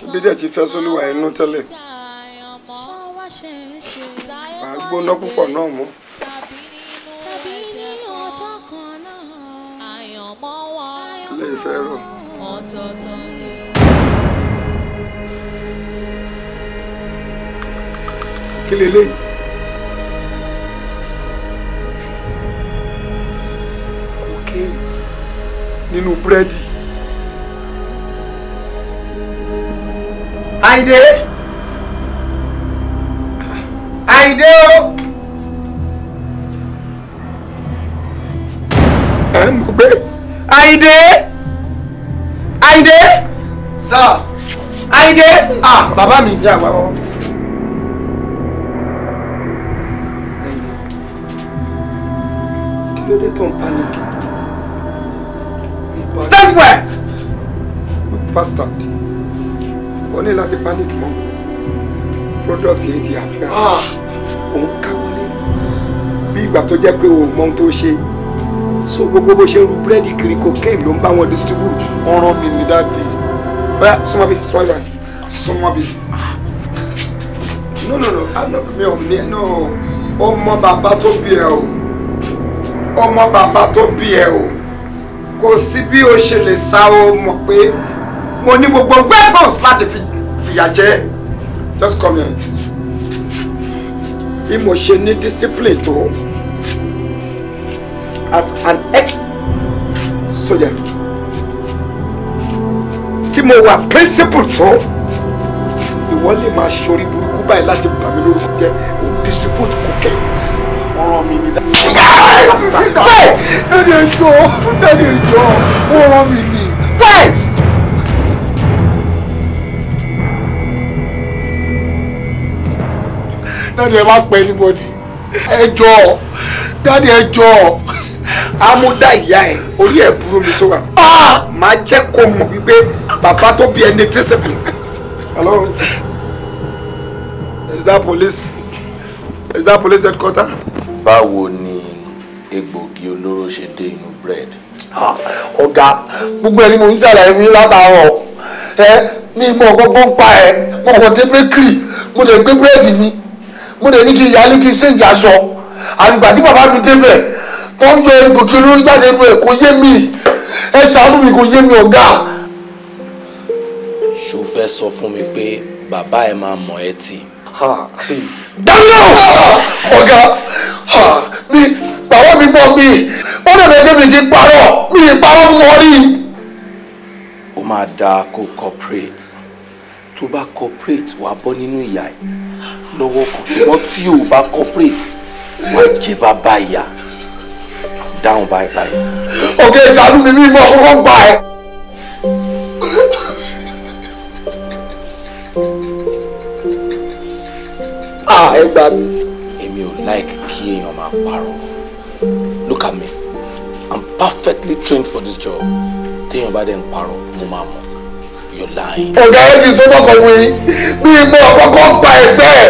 ṣíbí dẹ̀ ti fẹ́ sólúwa inú tẹ́lẹ̀ màá gbóná púpọ̀ náà mọ́. ilé ìfẹ́ rọ̀. kí lélẹ́yìí. nínú búrẹ́dì. àìdè àìdè o. ẹ ń mọ̀ pé àìdè àìdè. sá. àìdè. ah bàbá mi jẹ́ àwọn ọmọ. kí ló dé tó ń panic stand where. bastard ó ní láti panic mọ́ product yìí ti àpẹ́ òun ah. káwọlé bí ìgbà tó jẹ́ pé òun mọ ohun tó ṣe so gbogbo bó ṣe ń ru the kiri cocaine ló ń bá Oh no, ọ̀ràn mi ni dáàdi. bẹ́ẹ̀ súnmọ́ bí súnmọ́ bí súnmọ́ bí. no no ah, no mi ò ní no ọmọ my tó bí my o ọmọ bàbá tó bí ẹ o kò sí bí o ṣe lè sá o mọ̀ pé mo ní gbogbo weapons láti fìyà jẹ just come here bí mo ṣe ní discipline tó as an ex soldier tí mo wà principal tó ìwọ lè máa ṣorí burúkú báyìí láti bà lórúkọ jẹ́ o distribute cocaine wọ́n rán mi ní dáadáa. Daddy ẹjọ́ Daddy ẹjọ́ wọ́n rán mi ní. Fight! Daddy ẹ má pẹ́ anybody. Ẹjọ́ Daddy ẹjọ́ amúdá ìyá ẹ orí ẹ burú mi tó wà. Ah! Ah! Màá jẹ́ kó mọ̀ wípé bàbá tó bí ẹni discipline. Hello? Is that police? Is that police headquarters? báwo ni egbògi olóró ṣe dé inú bread. Ah, ọ̀gá gbogbo ẹni mo ń ṣàlàyé fún látàárọ̀ ẹ mi mọ gbogbo pa ẹ mo kàn dé bakery mo lè gbé búrẹ́dì mi mo lè ní kí ìyá ní kí n ṣèǹjà sọ àgbà tí bàbá mi débẹ̀ tó ń yọ egbògi olóró jáde inú ẹ kò mi ẹ ṣàánú mi kò yé mi ọ̀gá. ṣó fẹ́ sọ fún mi pé bàbá ẹ máa mọ̀ ẹ́ tì. Daniel, ọ̀gá mi bàbá mi gbọ́ mi wọ́n dẹ̀ bẹ́ẹ̀ mi kì í parọ́ mi kì í parọ́ mọ́ rí. ó máa da kó corporate tó bá corporate wà bọ́ nínú ìyá ẹ̀ lọ́wọ́ kan ṣùgbọ́n tí ò bá corporate wà jẹ́ bàbá ìyá dáhùn báyìí báyìí. ọ̀gá ìṣàánú mi mímọ́ ọkọ̀ gbà ẹ́. Ah, ẹ gbà mí. èmi ò like kí èèyàn máa parọ́ look at me i'm perfectly trained for this job téèyàn bá dẹ̀ ń parọ́ mo máa mọ̀ you're lying. ọ̀gá ẹ̀ ní sọ́tọ̀ kan fún yín bí mo kọ́kọ́ gba ẹ̀sẹ̀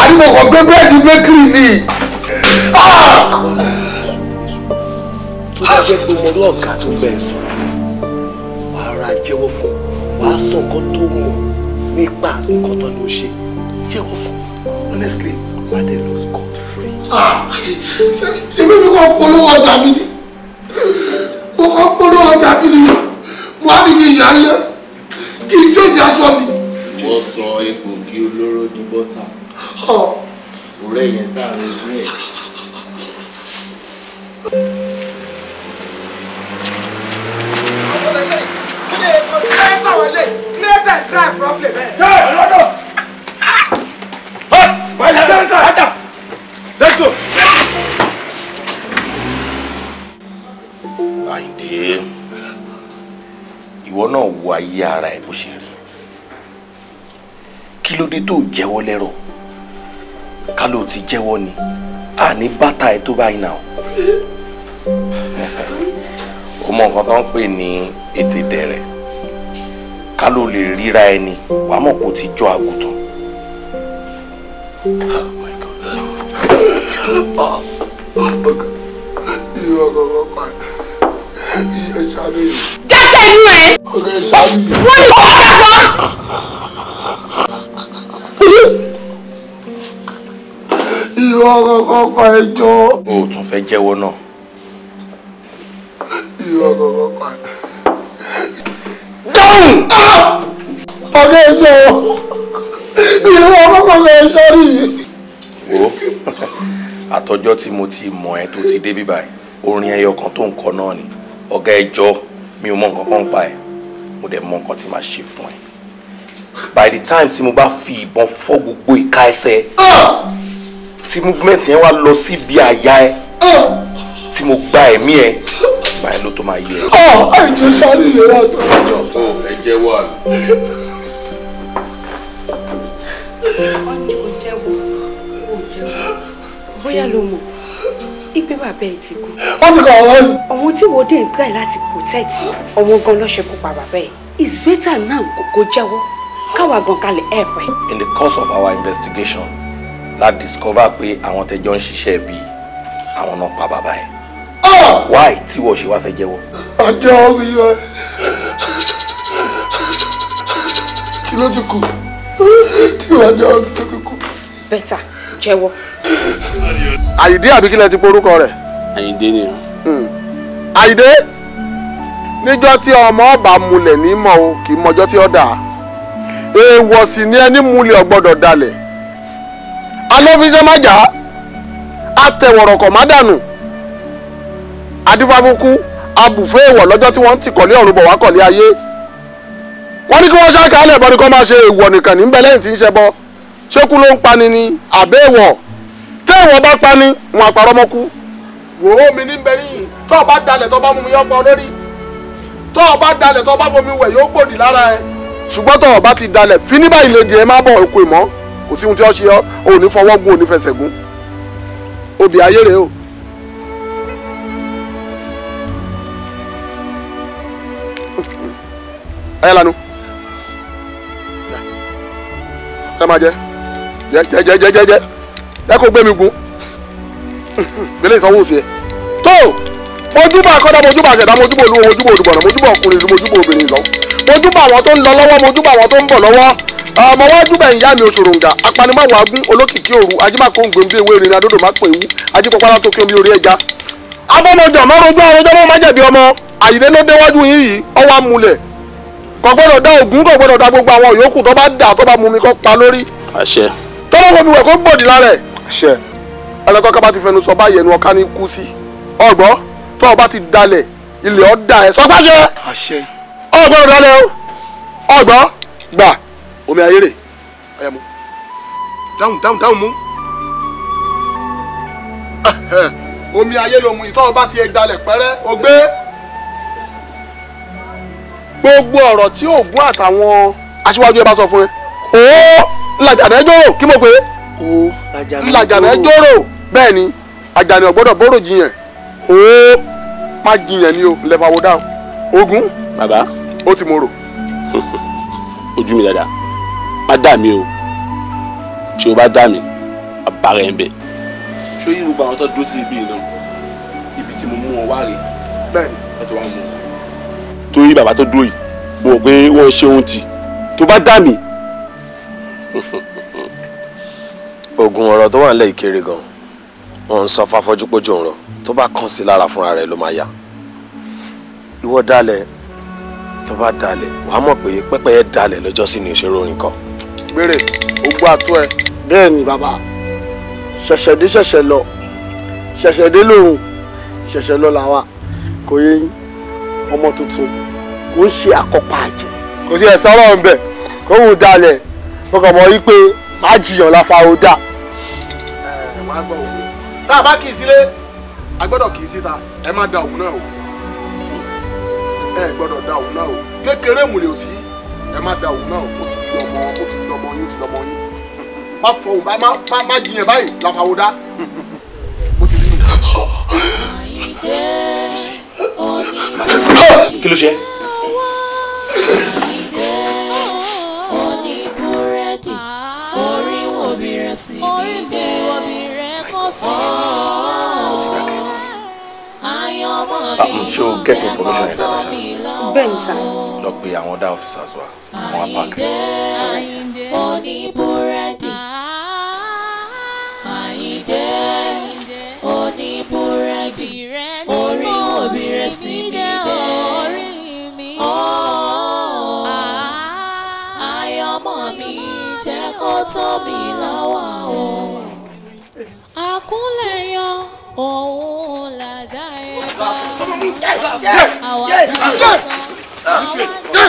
àdìmọ̀ kan gbé búrẹ́dì bakery ni. Ah! tó bá jẹ́ pé mo lọ́ọ̀gá tó bẹ́ẹ̀ sọ wàá ra jẹ́wọ́ fún wàá sọ nǹkan tó mọ̀ nípa nǹkan tó ní o ṣe jẹ́wọ́ fún honestly wà dé lọ god free. Ah, you you ṣé mímí kọ́ polówó ọjà mi ni mo kọ́ polówó ọjà mi ni mo á ní kí n yàrá yẹn kì í ṣe ìjà sọ mi. wọ́n sọ egbògi olóró di bọ́tà ọ̀rẹ́ yẹn sáré ojú ẹ̀. Kílẹ̀ ẹ̀kọ́ kílẹ̀ ẹ̀kọ́ wọlé kílẹ̀ ẹ̀kọ́ drive problem ẹ̀. Ṣé ọlọ́dọ̀? Let's go. Àyìndé, ìwọ náà wo ayé ara ẹ bó ṣe rí. Kí ló dé tó jẹ́wọ́ lẹ́rọ̀? Ká ló ti jẹ́wọ́ ni, a ní bàtà ẹ tó báyìí náà. O (laughs) mọ nǹkan tó ń pè ní ètè dẹ̀rẹ̀. Ká ló lè ríra ẹni, wàá mọ̀ kó ti jọ àgùntàn. Oh ah! my God. Oh, oh my God. Ìyá ọ̀rọ̀ ọ̀rọ̀ pa ìyá ṣáájú yìí. Dákẹ́ inú ẹ̀. Ọ̀rẹ́ ṣáájú yìí. Wọ́n ní kókó ẹ̀fọ́. Ìyá ọ̀rọ̀ ọ̀rọ̀ pa ẹjọ́. O ò tún fẹ́ jẹ́wọ́ náà. Ìyá ọ̀rọ̀ ọ̀rọ̀ Dáhùn! Ọ̀rẹ́ ẹjọ́ ìlú ọkọ̀ rẹ̀ sọ́rí. wo àtọjọ́ tí mo ti mọ̀ ẹ́ tó ti dé bí báyìí orin ẹyọ kan tó ń kọ náà ni ọ̀gá ẹjọ́ mi ò mọ nǹkan kan pa ẹ̀ mo dẹ̀ mọ nǹkan tí màá ṣe fún ẹ by the time tí mo bá fi ìbọn fọ́ gbogbo ìka ẹsẹ̀ ah! tí movement yẹn wá lọ sí ibi àyà ẹ ah! tí mo gba ẹ̀mí ẹ ìgbà ló tó máa yẹ. ọ̀ ah! àìjọ sáré yẹn wá oh, ẹ jẹ́ wà wọ́n tí wọ́n dé ń tẹ̀ láti protect ọmọ gan lọ́sẹ̀ pa bàbá ẹ̀ it's better now kò jẹ́wọ́ káwa gan kalẹ̀ ẹ̀ pẹ́. in the course of our investigation la discover pé àwọn tẹjọ ń ṣiṣẹ́ bí àwọn náà pa bàbá ẹ̀. Ah! why tí wọ́n ṣe wá fẹ́ jẹ́wọ́. ọjọ́ orí rẹ̀ kí ló ti kù tí wàá jẹ́ ọdún tó tún kù. bẹ́tà jẹ́wọ́. àyìndé àbí kí lẹ ti porúkọ rẹ̀. àyìndé ni o. àyìndé hmm. níjọ́ tí ọmọ ọba mulẹ̀ ní mọ̀ o kì í mọjọ́ tí ó dà á èèwọ̀ sì ni ẹni mulẹ̀ ọ̀gbọ́dọ̀ dalẹ̀ alófiṣẹ́ má jà á atẹ̀wọ̀rọ̀kọ̀ má dànù adífáfúkú abùfẹ́ èèwọ̀ lọ́jọ́ tí wọ́n ń tìkọ̀lé ọ̀rùn bọ̀ wá kọ̀lé ayé wọ́n ní kí wọ́n ṣàkàlẹ̀ bọ́ ni kí wọ́n máa ṣe èèwọ̀ nìkan ní bẹ́lẹ́ tí ń ṣe bọ́ ṣékú ló ń pani ni àbẹ́wọ̀ tẹ́wọ̀ bá pani wọn àpárọ̀ mọ́kú. wò ó mi ní bẹ yìí tó o bá dalẹ̀ tó o bá mú mi yọ pa olórí tó o bá dalẹ̀ tó o bá fomi wẹ̀ yóò gbòdì lára ẹ. ṣùgbọ́n tó o bá ti dalẹ̀ fi ní báyìí lè dìé má bọ̀ oko ìmọ̀ kò sí ohun tí wọ́n o. ayé ẹ máa jẹ jẹjẹjẹjẹjẹ ẹ kò gbé mi gun gbélé ìsanwó sí ẹ tó mojúbà kọ́dá mojúbà ṣẹ̀dá mojúbà olúwo mojúbà olùbọ̀nà mojúbà ọkùnrin ìlú mojúbà obìnrin ìlọ mojúbà àwọn tó ń lọ lọ́wọ́ mojúbà àwọn tó ń bọ̀ lọ́wọ́ ọmọ wájú bẹ̀yìn ìyá mi òṣòròǹgà apanimáwo agún olókìkí òru ajímàkó ń gbèǹgbè ewé rin adódò má pè wú ajípọpárá tó kí omi orí ẹja abọ́mọjọ mọ́rojọ́ àròjọ́ mọ́ májẹ̀bi ọmọ àyìnlélódéwájú yín yìí ọwọ́ amúlẹ̀ kò gbọ́dọ̀ dá ògún kò gbọ́dọ̀ dá gbogbo àwọn yòókù tó bá dà tó bá mú mi kó pa lórí. àṣẹ. tọ́lọ́wọ́ mi wẹ̀ kó gbòdì lára ẹ̀. àṣẹ. ẹlẹ́kọ́ ká bá ti fẹnu sọ báyìí ẹnu ọ̀ká ní kú sí. ọgbọ́ tó o bá ti dalẹ̀ ilẹ̀ ọ̀ da ẹ̀ sọ́pàṣẹ. àṣẹ. ọgbọ́dọ̀ dalẹ̀ o ọgbọ́ gbà omi ayé rè ọ̀yà mu dáhùn dáhùn dáhùn mú omi ayé lòmù ìtọ́ ọba ti ẹ̀ dalẹ̀ pẹ́rẹ́ o gbé gbogbo ọ̀rọ̀ tí Ògún àtàwọn aṣíwájú ẹ bá sọ fún ẹ ó làjànà ẹ jòrò kí mo pé ó làjànà ẹ jòrò bẹ́ẹ̀ ni àjànà ọ̀gbọ́dọ̀ bóró jiyàn ó má jiyàn ni o lẹ́fà wo dá o Ògún bàbá ó ti mòrò. ojú mi dada má dà mí o tí o bá dà mí àbára ẹ̀ ń bẹ̀. ṣé yìí gbogbo àwọn tó dúró sí ibi náà ibi tí mo mú wọn wá rèé bẹ́ẹ̀ ni ti wá mú wọn torí bàbá tó dúró yìí mo gbé wọ́n ṣe ohun tì tó bá dà mí. oògùn ọ̀rọ̀ tó wà nílẹ̀ ìkéré gan wọn ń sọ fáfọ́júpọ́jú ọ̀rọ̀ tó bá kàn sí lára fúnra rẹ̀ ló máa yá ìwọ dalẹ̀ tó bá dalẹ̀ wàá mọ̀ pé pẹ́pẹ́yẹ dalẹ̀ lọ́jọ́ sí ni òṣèré orin kan. gbére ogbó àtọ ẹ. bẹ́ẹ̀ ni bàbá ṣẹ̀ṣẹ̀ dé ṣẹ̀ṣẹ̀ lọ ṣẹ̀ṣẹ̀ dé lòun ṣẹ̀ṣẹ̀ lọ làwa kò yé yín ọmọ tuntun kò ń ṣe àkọ́pá àjẹ. kò sí ẹ̀sán ọ̀rọ̀ ń bẹ̀ kó wù dalẹ̀ mo kàn mọ̀ wípé má jiyàn láfa ó dà. ẹ wàá gbọ́ òwe tá a bá kì í sílé a gbọ́dọ̀ kì í síta ẹ má da òun náà o ẹ gbọ́dọ̀ da òun náà o kékeré mùlẹ̀ ò sí ẹ má da òun náà o ó ti di ọmọ ó ti di ọmọ yín ó ti di ọmọ yín má fọ òun má má jiyàn báyìí láfa ó dà kí ló ṣe. Ah, ṣé o get information yẹn dáadáa ṣá. bẹ́ẹ̀ ni sá. lọ pe àwọn other officers wa àwọn apá kan. sí mi dé oh. ah, ọ̀ọ́ àyọmọ mi jẹ́ kó tó mi lọ́wọ́ o àkúnlẹ̀ yan òun làdá ẹ̀ bá àwa náà sọ àwa níjà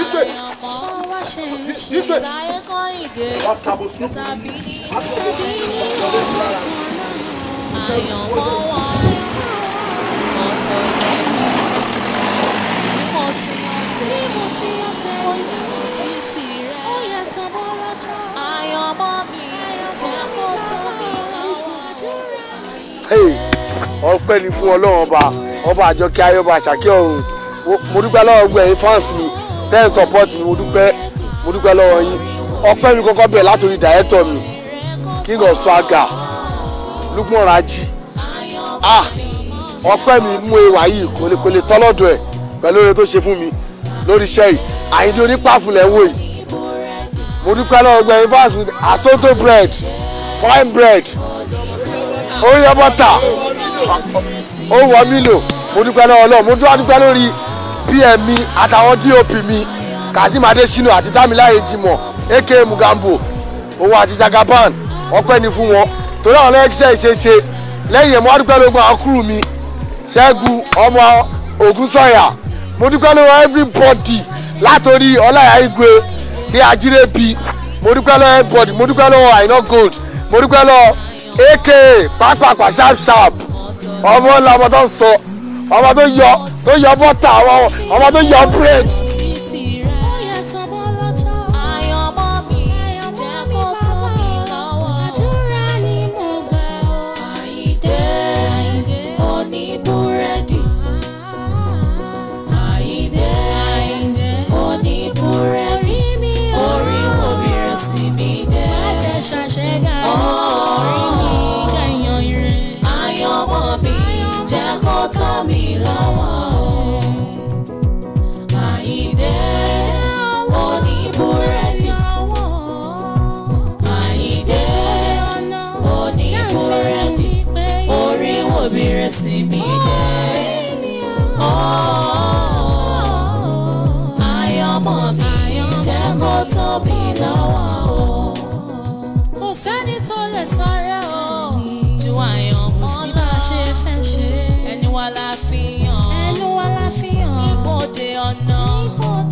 àyànmọ́ wá ṣe ń ṣe táyé kan ìgè tàbí ní tàbí ní ọjọ́ kan náà àyànmọ́ wá. tèmi tí ó tẹ yàtọ̀ sí tirẹ̀. ó yàtọ̀ mọ́ lọ́jọ́. àyànmọ́ mi jẹ́ ọpẹ́ ni fún ọlọ́run ọba ọba àjọkẹ́ ayọba àṣàkẹ́ ọ̀run mo dúpẹ́ lọ́wọ́ gbẹ̀yìn fans mi ten support mi mo dúpẹ́ mo dúpẹ́ lọ́wọ́ yín ọpẹ́ mi kọ́kọ́ bẹ̀rẹ̀ látòrí director mi king of swagger Lukman Raji ah ọpẹ́ mi mú ewa yìí kò lè tọ́lọ́dọ̀ ẹ̀ pẹ̀lú oore tó ṣe fún mi lórí iṣẹ́ yìí àyíndé onípàfùlẹ̀ wò yìí mo dúpẹ́ lọ́wọ́ gbẹ̀yìn fast with asoto bread fine bread oyè bọ́tà owó mílò mo dúpẹ́ lọ́wọ́ lọ́wọ́ mo dúpẹ́ dúpẹ́ lórí pm mi e àtàwọn dop mi kazeem adesina àti damiláyé jimoh aka mugambo òun àti jagaban ọpẹ́ ni fún wọn torí àwọn ẹlẹ́gíṣẹ́ ìṣeṣe lẹ́yìn ẹ̀ mo wá dúpẹ́ lógún àwọn kúrú mi ṣẹ́gun ọmọ ògúnsọ̀yà mo dúpẹ́ lọ́wọ́ everybody látòrí ọláyà igwe dé ajírébi mo dúpẹ́ lọ́wọ́ everybody mo dúpẹ́ lọ́wọ́ àìná gold mo dúpẹ́ lọ́wọ́ aka pàápàá sharp sharp ọmọ làwọn tó ń sọ ọmọ tó yọ tó yọ bọ́tà ọmọ tó yọ bread. oh o ju àyànmọ́ la ṣe fẹ́ ṣe ẹni wa la fẹ́.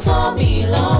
told me long.